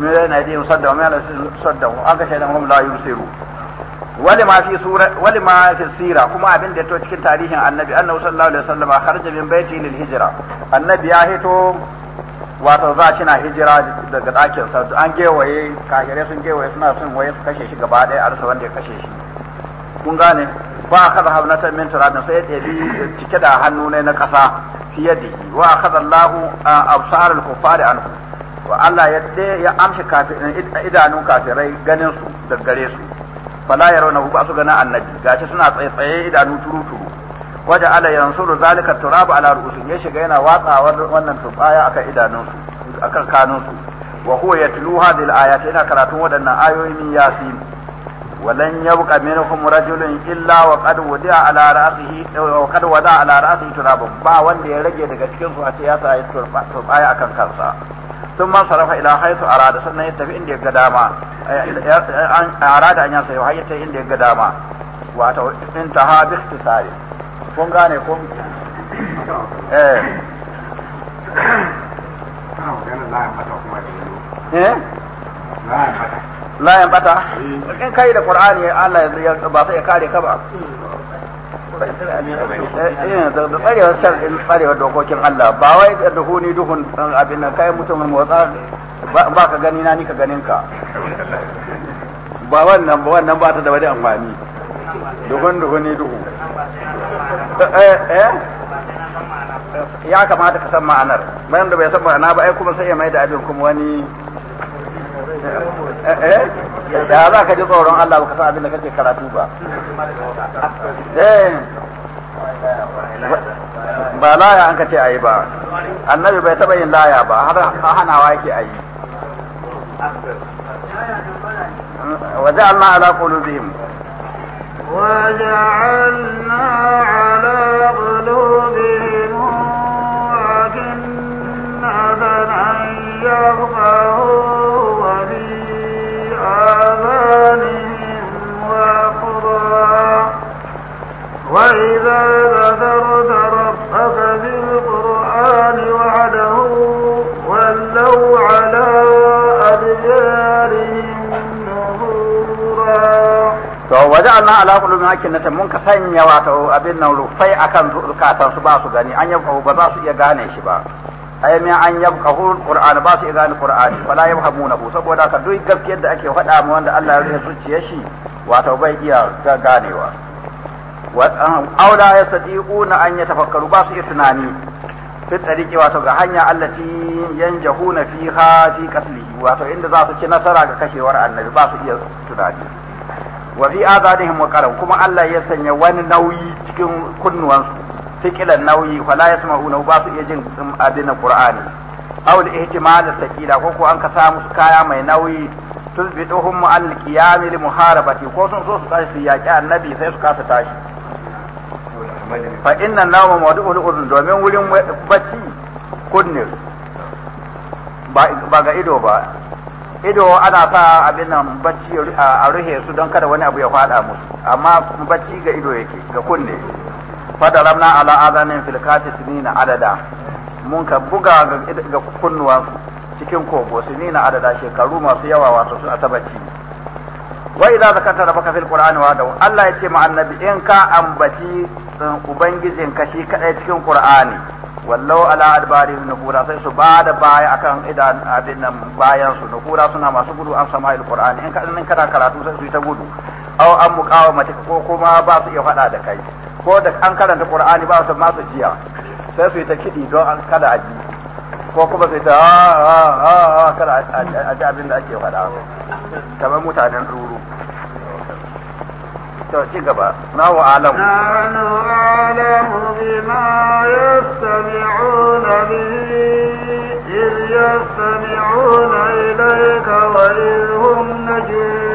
min bayna yadayhim sadda wa min khalfihim sadda wa aka shaydan hum la yusiru wali ma fi sura wali ma fi sira kuma abin da to cikin tarihin annabi annabi sallallahu alaihi wasallam kharaja min baiti lil hijra annabi ya hito wato za shi na hijira daga ɗakin sa an gewaye kafirai sun gewaye suna son waye su kashe shi gaba ɗaya a wanda ya kashe shi kun gane ba a kada ta min turabin sai ya bi cike da hannu ne na kasa fiye da yi wa kada a absar al-kuffari anhu wa Allah ya ɗe ya amshi idanun kafirai ganin su da gare su fala rauna ba su gana annabi gashi suna tsaye tsaye idanu turu turu waje ala yansuru zalika turabu ala rusun ya shiga yana watsawa wannan turbaya akan su akan su. wa huwa yatluha dil ayati ina yana karatun waɗannan ayoyi min yasin ولن يبقى منهم رجل الا وقد ودع على رأسه وقد ودع على راسه تراب با wanda ya rage daga cikin su a ce ya sa ya turba turbaya akan kansa sun man sarrafa ila haisu arada sannan ya tafi inda ya ga dama arada an ya sayo har inda ya ga dama wato intaha bi ikhtisari kun gane la yan bata in kai da qur'ani Allah ya ba sai ya kare ka ba eh, da tsarewar shar'in tsarewar dokokin Allah ba wai da duhuni duhun san eh, abin nan kai mutumin motsa ba ka gani na ni ka ganin ka ba wannan ba wannan ba ta da wani amfani duhun duhuni duhu eh, ya kamata ka san ma'anar bayan da bai san ma'ana ba ai kuma sai ya mai da abin kuma wani da eh, eh? za ka ji tsoron Allah ba ka san abin da kake karatu ba eh. ba laya an ka ce ayi ba annabi bai taba yin laya ba har hanawa yake ayi وجعلنا على قلوبهم وجعلنا على قلوبهم أكنة أن يفقهوا آذانهم وقرا وإذا ذكرت ربك بالقرآن وحده ولوا على أدبارهم نفورا to waja'alna ala qulubi makinnatan mun ka sanya wata abin nan rufai akan zukatansu ba su gani an yabqa ba za su iya gane shi ba ai min an yabqahu alquran ba su idan alqurani wala yafhamunahu saboda ka duk gaskiyar da ake faɗa mu wanda Allah ya rufe zuciyar shi wato bai iya ganewa wa aula yastatiquna an yatafakkaru ba su iya tunani fi tsariki wato ga hanya allati yanjahuna fiha fi qatlihi wato inda za su ci nasara ga kashewar annabi ba su iya tunani wa fi adanihim waqaran kuma Allah ya sanya wani nauyi cikin kunnuwansu fikilan nauyi fala yasma'una ba su iya jin abin qur'ani aw al ihtimal al thaqila ko ko an ka sa musu kaya mai nauyi tuzbituhum an al qiyam li muharabati ko sun so su tashi su yaki annabi sai su kasa tashi fa inna nawma mawdu'ul udhun domin wurin bacci kunne ba ga ido ba ido ana sa abin nan bacci a ruhe su don kada wani abu ya fada musu amma bacci ga ido yake ga kunne fadarabna ala azanin fil kafi sinina adada mun ka buga ga kunnuwa cikin kogo sinina adada shekaru masu yawa wato su atabaci wa idza zakarta rabbaka fil qur'ani wa dawu Allah ya ce ma annabi in ka ambaci eh, ubangijin ka shi kadai cikin qur'ani wallau ala adbari nufura sai su bada baya akan idan abin nan bayan su nufura suna masu gudu an il qur'ani in ka dan karatu sai su yi ta gudu aw an muqawamati ko kuma ba su iya fada da kai ko da an karanta qur'ani ba su masu jiya sai su yi ta kiɗi don an kada a ji ko kuma sai ta ha ah, ah, ha ah, kada a ji abin da ake faɗa kamar mutanen ruru to ci gaba na wa alamu nahnu alamu bima yastami'una bi إذ يستمعون إليك وإذ هم نجوى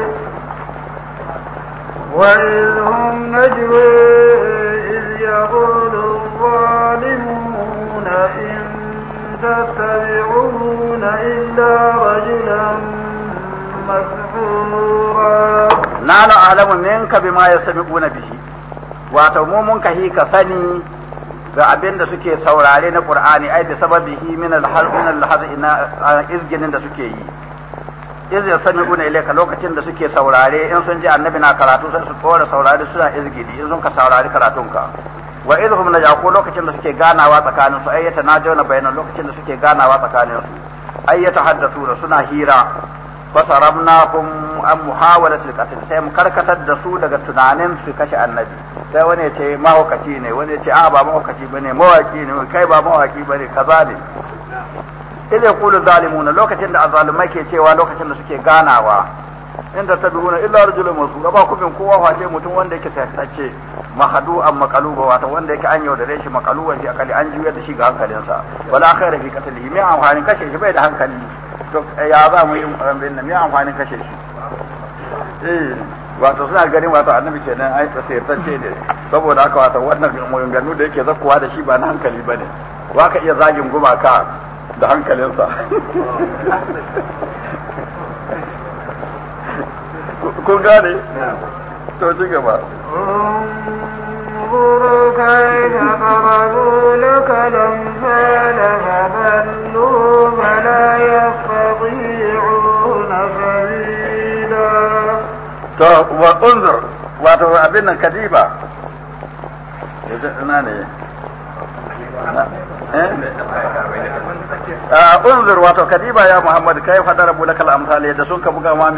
وإذ هم يقول الظالمون إن تتبعون إلا رجلا مسحورا نحن أعلم منك بما يسبقون به wato mu mun kahi ka sani ga abin da suke saurare na Qur'ani ai da sababihi min al-hazin al-hazina izginin da suke yi iz yasmi'una ilayka lokacin da suke saurare in sun ji annabi na karatu sai su tsora saurare suna izgidi in sun ka saurari karatunka wa idhum najaqu lokacin da suke ganawa tsakanin su ayyata najawna bayanan lokacin da suke ganawa tsakanin su ayyata haddasu da suna hira fasarabnakum an muhawalat alqatl sai mu karkatar da su daga tunanin su kashe annabi sai wani ya ce mahaukaci ne wani ya ce a ba mahaukaci bane mawaki ne kai ba mawaki bane kaza ne idza yaqulu zalimuna lokacin da azzalumai ke cewa lokacin da suke ganawa inda ta duna illa rajulun masu ba ku bin kowa wace mutum wanda yake sayatacce mahadu an makaluba wato wanda yake an da shi makaluban shi akali an juyar da shi ga hankalinsa wala khaira fi qatlihi mai amfanin kashe shi bai da hankali to eh, ya za mu yi rambin nan mai amfanin kashe shi eh wato suna ganin wato annabi kenan ai sayatacce ne saboda haka wato wannan maganganu da yake zakkuwa da shi ba na hankali bane wa ka iya zagin gumaka da hankalinsa kun gane to ci gaba انظر كيف ضربوا لك الأمثال فضلوا فلا يستطيعون سبيلا to wa unzur wato abin nan kadiba ina ne eh? ah, unzur wato kadiba ya muhammad kai fadar bulakal da sun ka buga ma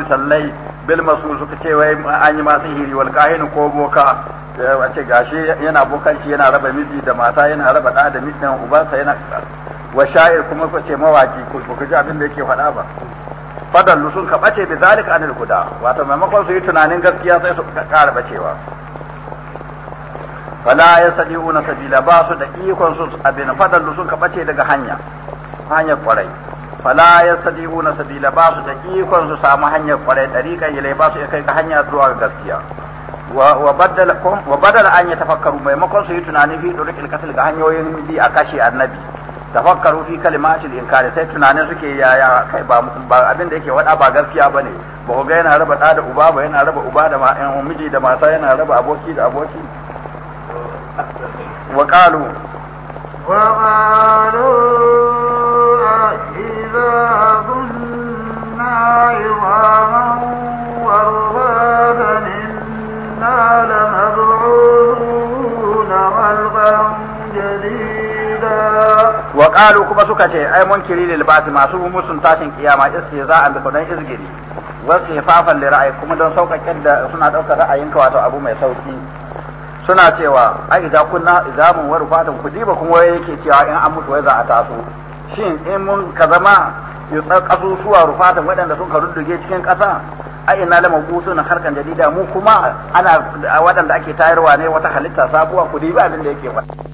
bil masu suka ce wai an yi masu hiri wal kahin ko boka eh, a ce gashi yana bokanci yana raba miji da mata yana raba da da miji dan ubansa yana wa sha'ir kuma ko ce mawaki ko ku ji abin da yake faɗa ba fadallu sun ka bace bi zalika anil huda wato maimakon su yi tunanin gaskiya sai su kara bacewa fala una sabila ba su da ikon su abin fadallu sun ka bace daga hanya hanyar kwarai fala na sabila ba su da ikon su samu hanyar kwarai dariƙan ilai ba su iya kai ka hanya zuwa ga gaskiya wa badala wa badala an maimakon su yi tunani fi duriqil qatl ga hanyoyin bi a kashe annabi tafakkaru fi kalimatil inkari sai tunanin suke yaya kai ba abin da yake wada ba gaskiya ne ba ku ga yana raba ɗa da uba ba yana raba uba da ma'an eh, miji da mata yana raba aboki da aboki wa wa كذاب عظاما وروادا إنا لمبعوثون خلقا جديدا وقالوا كما سكتي أي منكرين للبعث ما سوء مسلم تاسن قيامة استهزاء بقدر إزجري واستهفافا لرأي كما دون سوكا كده سنة أوكا رأيك واتو أبو ما يسوكي suna cewa ai idan kunna izamun wa rufatan kudiba kuma yake cewa in an mutu wai za shin in mun ka zama yutsar ƙasusuwa rufatan waɗanda sun ka rudduge cikin ƙasa a ina lama gusu na harkan jarida mu kuma ana waɗanda ake tayarwa ne wata halitta sabuwa ku ba abin da yake wata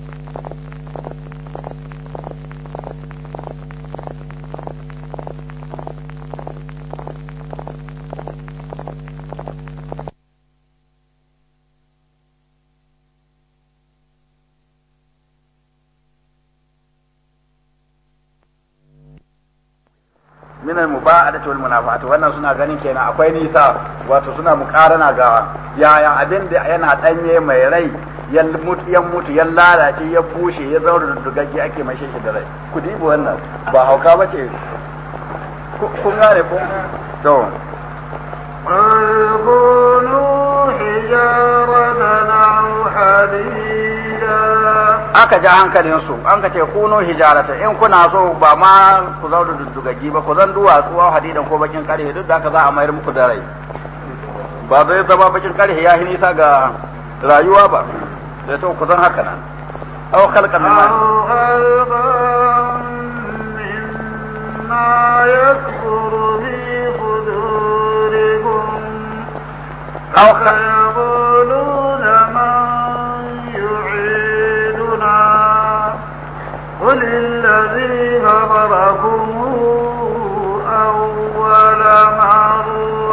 almuba'adatu wal munafatu wannan suna ganin kenan akwai nisa wato suna mukarana ga yaya abin da yana danye mai rai ya mutu ya mutu ya lalace ya bushe ya zaura da dugagge ake mai shi da rai ku dibi wannan ba hauka ce kun gane ko to aka ja hankalinsu an ka ce kuno hijarata in kuna so ba ma ku zau da ji ba ku zan duwa a hadidan ko bakin karhe duk da ka za a mayar muku da rai ba zai zama bakin karhe ya nisa ga rayuwa ba da to ku zan haka nan aw khalqan min ma yakuru bi qudurikum aw khalqan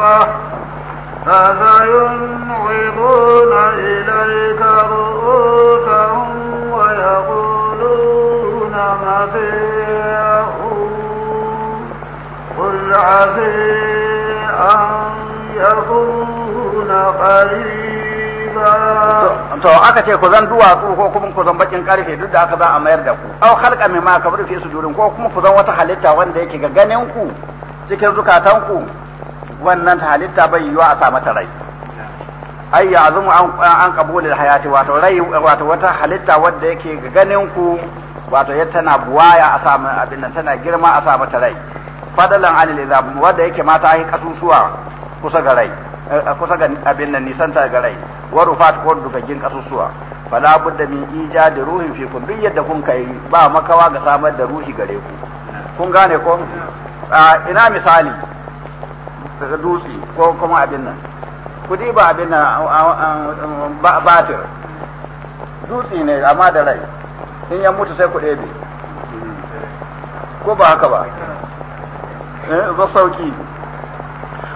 الحق فسينغضون إليك رؤوسهم ويقولون متيعون قل عسي أن يكون قريبا to aka ce ku zan duwatsu ko kuma ku zan bakin karfe duk da aka za a mayar da ku aw khalqa mimma kabru fi sujudin ko kuma ku zan wata halitta wanda yake ga ganin ku cikin zukatan ku wannan halitta bai yiwa a sa mata rai ai ya azumu an kabulil hayati wato rai wato wata halitta wadda yake ganin ku wato ya tana buwaya a sa abin nan tana girma a sa mata rai fadalan anil izab wadda yake mata yi kasusuwa kusa ga rai eh, kusa ga abin nan nisan ta ga rai wa rufat ko dukagin kasusuwa fala budda min ijadi ruhin fi kun duk yadda kun kai ba makawa ga samar da ruhi gare ku kun gane ko ah, ina misali daga dutse ko kuma abin nan kudi ba abin nan batir dutse ne amma da rai in ya mutu sai ku bi ko ba haka ba eh, ba sauki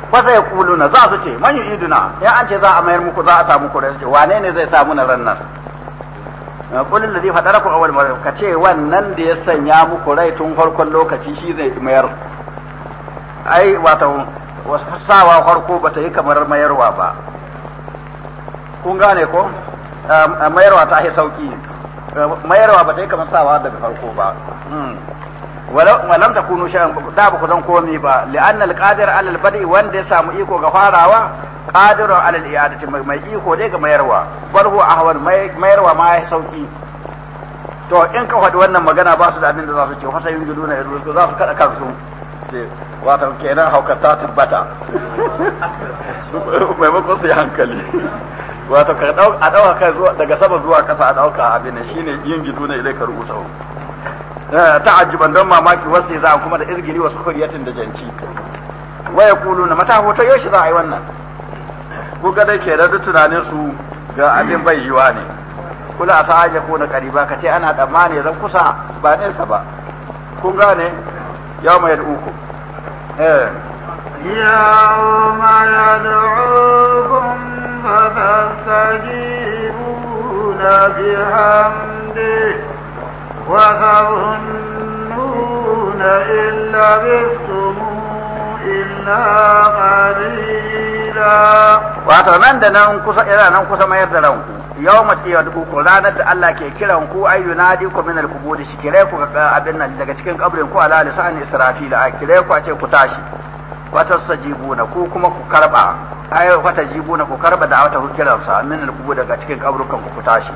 ba sai kuluna za su ce man iduna ya an ce za a mayar muku za a samu kurai ce wane ne zai samu na rannar kulin eh, da zai faɗa ku wani mara ka ce wannan da ya sanya muku rai tun farkon lokaci shi zai mayar ai wato sawa farko ba ta yi kamar mayarwa ba kun gane ko mayarwa ta yi sauki mayarwa ba ta yi kamar sawa daga farko ba hmm. walam ta kunu shan da ba ku zan komi ba li'anna al-qadir alal badi wanda ya samu iko ga farawa qadirun alal i'adati mai iko dai ga mayarwa bal huwa ahwan mayarwa ma ya sauki to in ka faɗi wannan magana ba su da abin da za su ce fa sai yunjuduna su za su kada kansu ce wato kenan hauka ta tabbata maimakon su yi hankali wato ka a ɗauka kai zuwa daga sama zuwa kasa a dauka abin shine yin gidu ne ilai ka rubuta eh, ajiban don mamaki wasu za kuma da izgiri wasu kuryatin da janci Kulu na mata hoto shi za a yi wannan ku ga dai ke da tunanin su ga abin bai yiwa ne kula ta aje ko na kariba ka ce ana tsammani zan kusa ba nesa ba kun gane يوم يدعوكم إيه. يوم يدعوكم فتستجيبون بحمده وتظنون إن لبثتم إلا قليلا وأتمنى أن كسر إلى أن كسر ما يدرون yawma tiyadku ranar da Allah ke kiran ku ay yunadi ku min al-qubur shi kire ku ga abin nan daga cikin kabrin ku ala lisan israfil a kire ku a ce ku tashi wata sajibuna ku kuma ku karba ay wata jibuna ku karba da wata hukiran sa min al-qubur daga cikin kabrukan ku ku tashi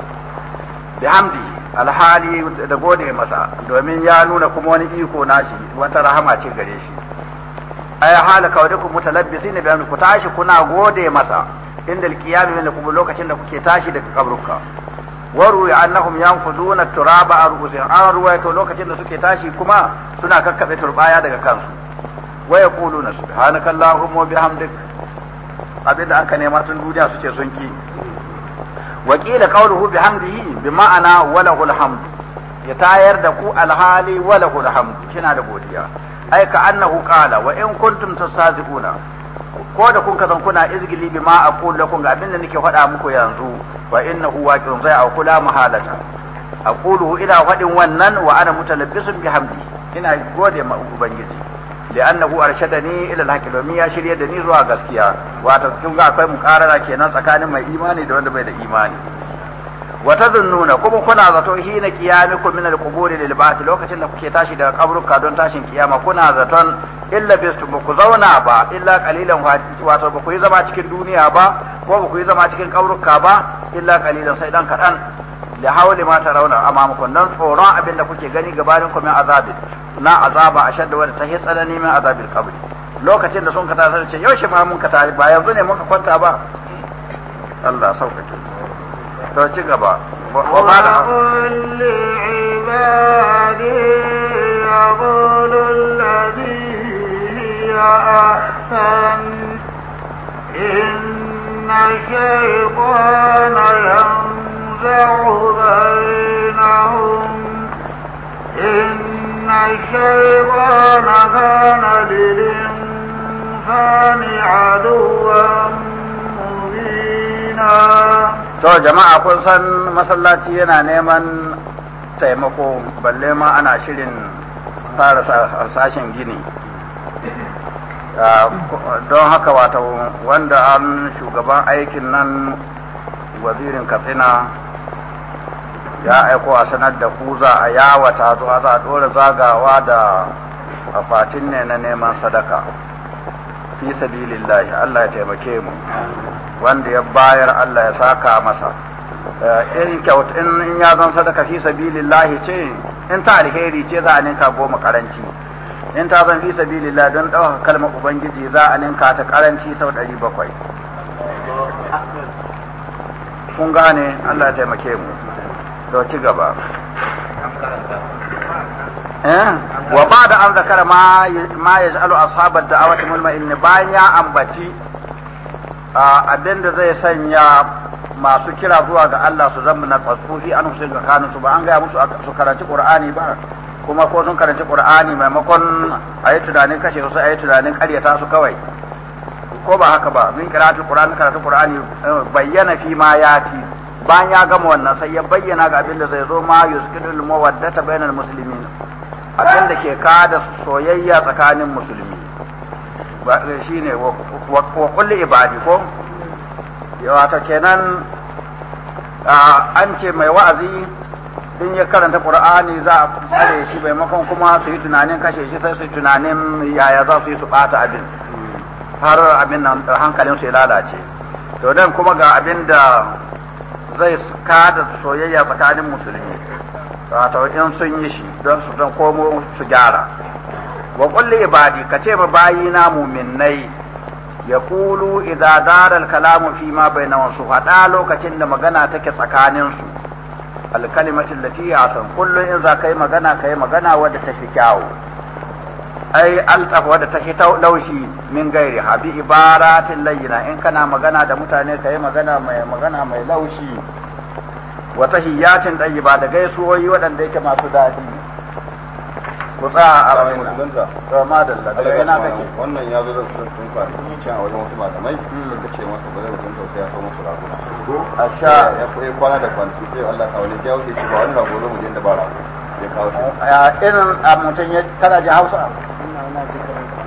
bi hamdi alhali da gode masa domin ya nuna kuma wani iko nashi wata rahama ce gare shi ay hal wa mutalabbisin bi an ku tashi kuna gode masa inda alqiyam min kubur lokacin da kuke tashi daga kaburka waru annahum yanfuduna turaba arquzin an ruwaito lokacin da suke tashi kuma suna kakkabe turbaya daga kansu wa yaquluna subhanaka allahumma wa bihamdik abinda an ka nema tun duniya suke ce sun ki wa qila qawluhu bihamdihi bi ma'ana walahul ya tayar da ku alhali walahul hamd kina da godiya ai ka annahu qala wa in kuntum tasaziquna ko da kun kazan kuna izgili bi ma aqulu lakum ga abin da nake faɗa muku yanzu wa huwa kin zai aqula mahalata aquluhu ina faɗin wannan wa ana mutalabbisun bi hamdi ina gode ma ubangiji li'annahu arshadani ila al-haqqi domin ya shirye da ni zuwa gaskiya wato kun ga akwai mukarara kenan tsakanin mai imani da wanda bai da imani wa tazunnuna kuma kuna zato hina qiyamikum min al kuburi da libati lokacin da kuke tashi daga kaburuka don tashin kiyama kuna zaton illa bistu ku zauna ba illa qalilan wato ba ku yi zama cikin duniya ba ko ba ku yi zama cikin kaburuka ba illa qalilan sai dan kadan da hawli ma tarawna amamukum nan tsoron abin da kuke gani gabanin ku min azabi na azaba ashadda wanda tahi tsanani min azabil qabr lokacin da sun ka tashi ce yaushe ma mun ka tashi ba yanzu ne mun ka kwanta ba Allah sauƙaƙe to ci gaba wa ma da يقولوا الذي هي أحسن إن الشيطان ينزع بينهم إن الشيطان كان للإنسان عدوا مبينا to jama'a kun san masallaci yana neman taimako balle ma ana shirin fara sashen gini ah, don haka wata wanda an shugaban aikin nan wazirin katsina ya aiko a sanar da ku za a yawata zuwa za a dora zagawa da akwatin ne na neman sadaka fi sabilillahi Allah ya taimake mu wanda ya bayar Allah ya saka masa eh, in kyaut in ya zan sadaka fi sabilillahi ce in ta alheri ce za a ninka goma karanci in ta zan fi sabilillah don ɗaukaka kalmar ubangiji za a ninka ta karanci sau ɗari bakwai kun gane Allah taimake mu to ci gaba eh? wa ba da an zakara ma ya ji alu ashabar da'awatul mulma in bayan ya ambaci abin da zai sanya masu kira zuwa ga Allah su zama na tsatsufi an husin ga kanu su ba an gaya musu su karanci Qur'ani ba kuma ko sun karanci Qur'ani maimakon a yi tunanin kashe su a yi tunanin karyata su kawai ko ba haka ba min karatu Qur'ani karatu Qur'ani eh, bayyana fi ma yati bayan ya gama wannan sai ya bayyana ga abin da zai zo ma yuskidul mawaddata bainal muslimin abin da ke kada soyayya tsakanin musulmi ne wa kulli ibadi ko wato kenan an ce mai wa'azi din ya karanta qur'ani za a kare shi maimakon kuma su yi tunanin kashe shi sai su yi tunanin yaya za su yi su bata abin har abin nan hankalin su ya lalace to dan kuma ga abin da zai kada soyayya tsakanin musulmi wato in sun yi shi don su don komo su gyara wa kulli ibadi ka ce ma bayina muminnai ya kulu idza daral kalamu fi ma bainahum su hada lokacin da magana take tsakanin su al kalimatu allati ya'tan kullu in za kai magana kai magana wadda ta fi kyawu ai altaf wadda ta fi laushi min gairi habi ibaratin layyina in kana magana da mutane kai magana mai magana mai laushi wa ɗayi tayyiba da gaisuwoyi waɗanda yake masu daɗi ku sa a ramin musulunta to ma da Allah daga kake wannan ya zo da sun fara can a wajen wasu malamai da ce masa ba mutunta sai ya so musu rago a sha ya koyi kwana da kwanci sai Allah ka wani jawo shi ba wani rago zo mu je da ba ya kawo shi irin a ya kana ji Hausa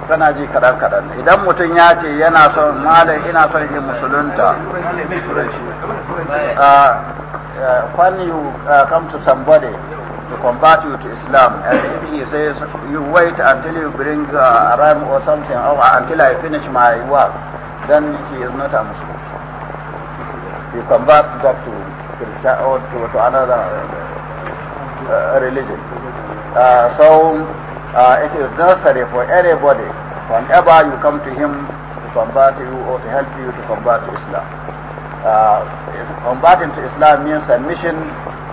kana ji kadan kadan idan mutum ya ce yana son malam ina son yin musulunta Uh, when come to somebody convert you to Islam. And if he says, you wait until you bring uh, a ram or something, or until I finish my work, then he is not a Muslim. He converts that to Christian to, to another uh, uh religion. Uh, so uh, it is necessary for anybody, whenever you come to him to convert you or to help you to convert to Islam. Uh, converting to Islam means submission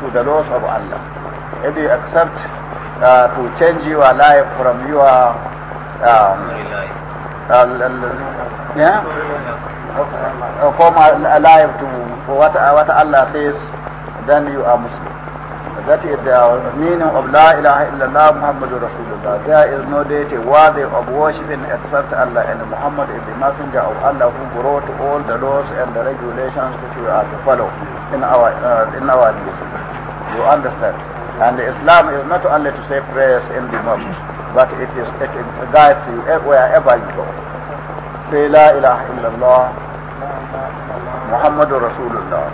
to the laws of Allah. if you accept uh, to change your life from your um, uh, uh, yeah? Uh, from alive to what, what Allah says, then you are Muslim. That is the meaning of La ilaha illallah Muhammad Rasulullah. There is no deity worthy of worshiping except Allah and Muhammad is the messenger of Allah who brought all the laws and the regulations which we are to follow in our uh, in our religion. You understand? And Islam is not only to say prayers in the mosque, but it is it guides you e, wherever you go. Say La ilaha illallah, Muhammadur Rasulullah,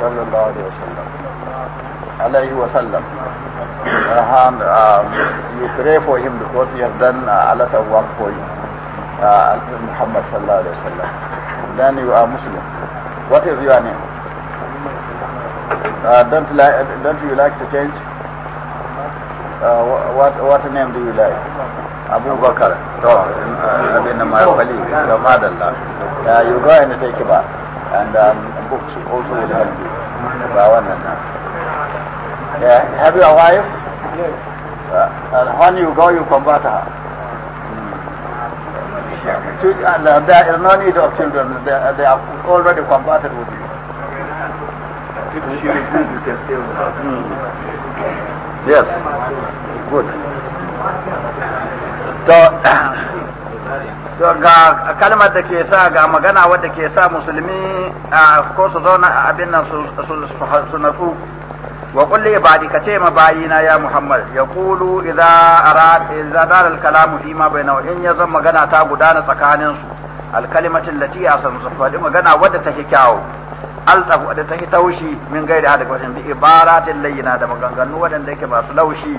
sallallahu alayhi wa sallam. Alayhi wa sallam. And um, you pray for him because he has done uh, a lot of work for you. Uh, Muhammad sallallahu alayhi wa sallam. Then you are Muslim. What is your name? Uh, don't, li- don't you like to change? Uh, what, what name do you like? Abu Bakr. Uh, your mother Yeah, uh, You go and take a bath. And um, books also will help you. Yeah. Have you a wife? Yes. Uh, and when you go, you convert her. Mm. There is no need of children. They, they are already converted with you. Yes. Good. To ga kalmar da ke sa ga magana wadda ke sa musulmi a ko su zauna a abin nan su natsu wa kulli ibadi ka ce ma bayina ya Muhammad ya kulu idza arad idza dar al kalamu fi ma bainahu in ya zan magana ta gudana tsakanin su al kalimatu allati asan su magana wadda take kyawu alzafu da take taushi min gaida daga wajen bi ibaratin layyina da maganganu waɗanda yake masu laushi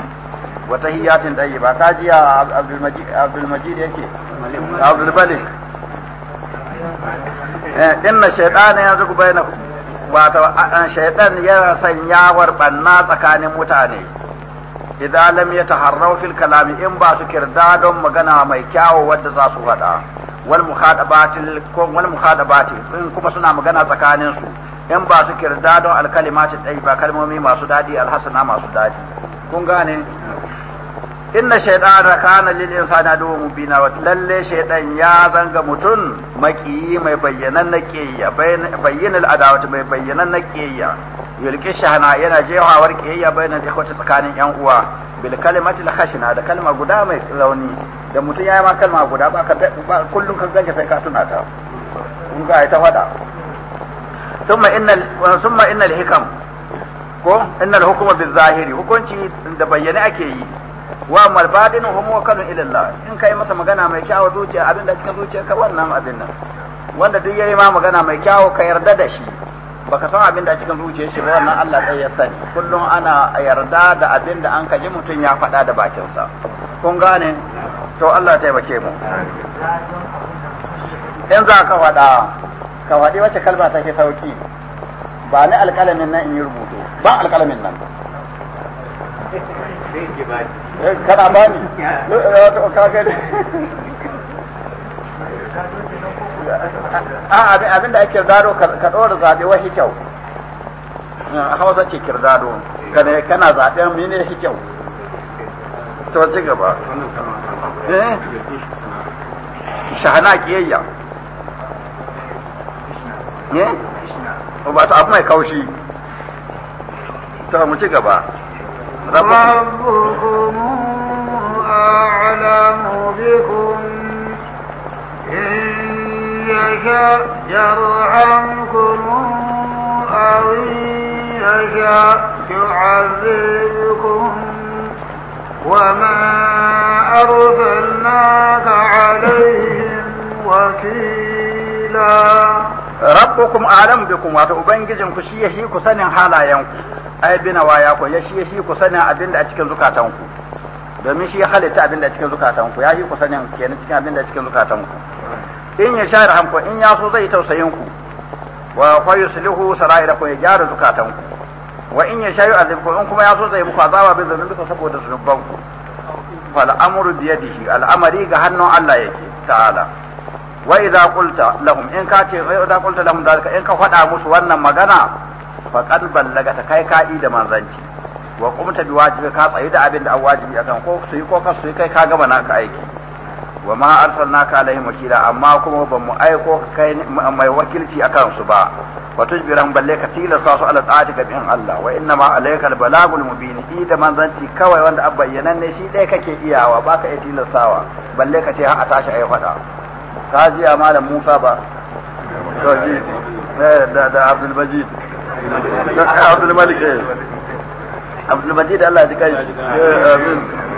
wa tahiyatin tayyiba ka ji Abdul Majid Abdul Majid yake Abdul Malik inna shaytana yanzu bainakum wato shaytan yana sanyawar banna tsakanin mutane idan lam yataharraw fil kalami in ba su kirda don magana mai kyawu wadda za su faɗa wal mukhadabatil ko in kuma suna magana tsakanin su in ba su kirda don alkalimati tsayi ba kalmomi masu daɗi alhasana masu dadi kun gane inna shaytana kana lil insani aduwwun mubina wa lalle shaytan ya zanga mutum makiyi mai bayyanan na kiyya bayyanal adawati mai bayyanan na kiyya yulki shana yana jewawar kiyayya bayan da kwata tsakanin yan uwa bil kalimati la khashina da kalma guda mai rauni da mutum yayi ma kalma guda ba ka kullun ka ganje sai ka tuna ta in ga ita fada thumma innal thumma innal hikam ko innal hukma bil zahiri hukunci da bayyane ake yi wa mal badin hum wakalun ila Allah in kai masa magana mai kyawu zuciya abinda cikin ka wannan abin nan wanda duk yayi ma magana mai kyawu ka yarda da shi baka san abin da cikin zuciyar shi ba wannan Allah sai ya sani kullum ana yarda da abin da an kaji mutum ya faɗa da bakinsa kun gane to Allah ta taimake mu in za ka faɗa ka faɗi wacce kalma take sauki ba ni alƙalamin nan in yi rubutu ba alƙalamin nan eh, kana bani eh, ka a abin da ake zaro ka ɗora zaɓe wa hikyau hausa ce kirdado kana kana zaɓen mene hikyau to ci gaba eh shahana kiyayya ne eh? ba ta abu mai kaushi to mu ci gaba rabbukum a'lamu bikum يشاء يرحمكم أو يشاء يعذبكم وما أرسلناك عليهم وكيلا ربكم أعلم بكم wato ubangijin ku shi ya shi ai bina waya ku ya shi shi ku sanin abinda a cikin zukatanku domin shi ya halitta abinda a cikin zukatanku ya shi ku sanin kenan cikin abinda a cikin zukatanku in ya sha rahamku in ya so zai tausayin ku wa fa yuslihu ku ya gyara ku wa in ya sha yu'adhibku in kuma ya so zai muku azaba bi ku saboda zunubanku fal amru bi yadihi al'amari ga hannun Allah yake ta'ala wa idza qulta lahum in ka ce wa idza qulta lahum dalika in ka faɗa musu wannan magana fa qad ta kai ka'i da manzanci wa qumta bi wajibi ka tsayi da abin da an wajibi akan ko su yi ko ka su yi kai ka gaba naka aiki wa ma arsalnaka alaihim wakila amma kuma ba mu aiko kai mai wakilci akan su ba wa tujbiran balle ka sa su ala ta'atika bin Allah wa inna ma alayka albalagul mubin shi man manzanci kawai wanda abba yanan ne shi dai kake iyawa ba ka iya tilastawa balle ka ce a tashi ai fada ka ji a malam Musa ba to ji da da Abdul Majid Abdul Malik eh. Abdul Majid Allah ya ji kai eh,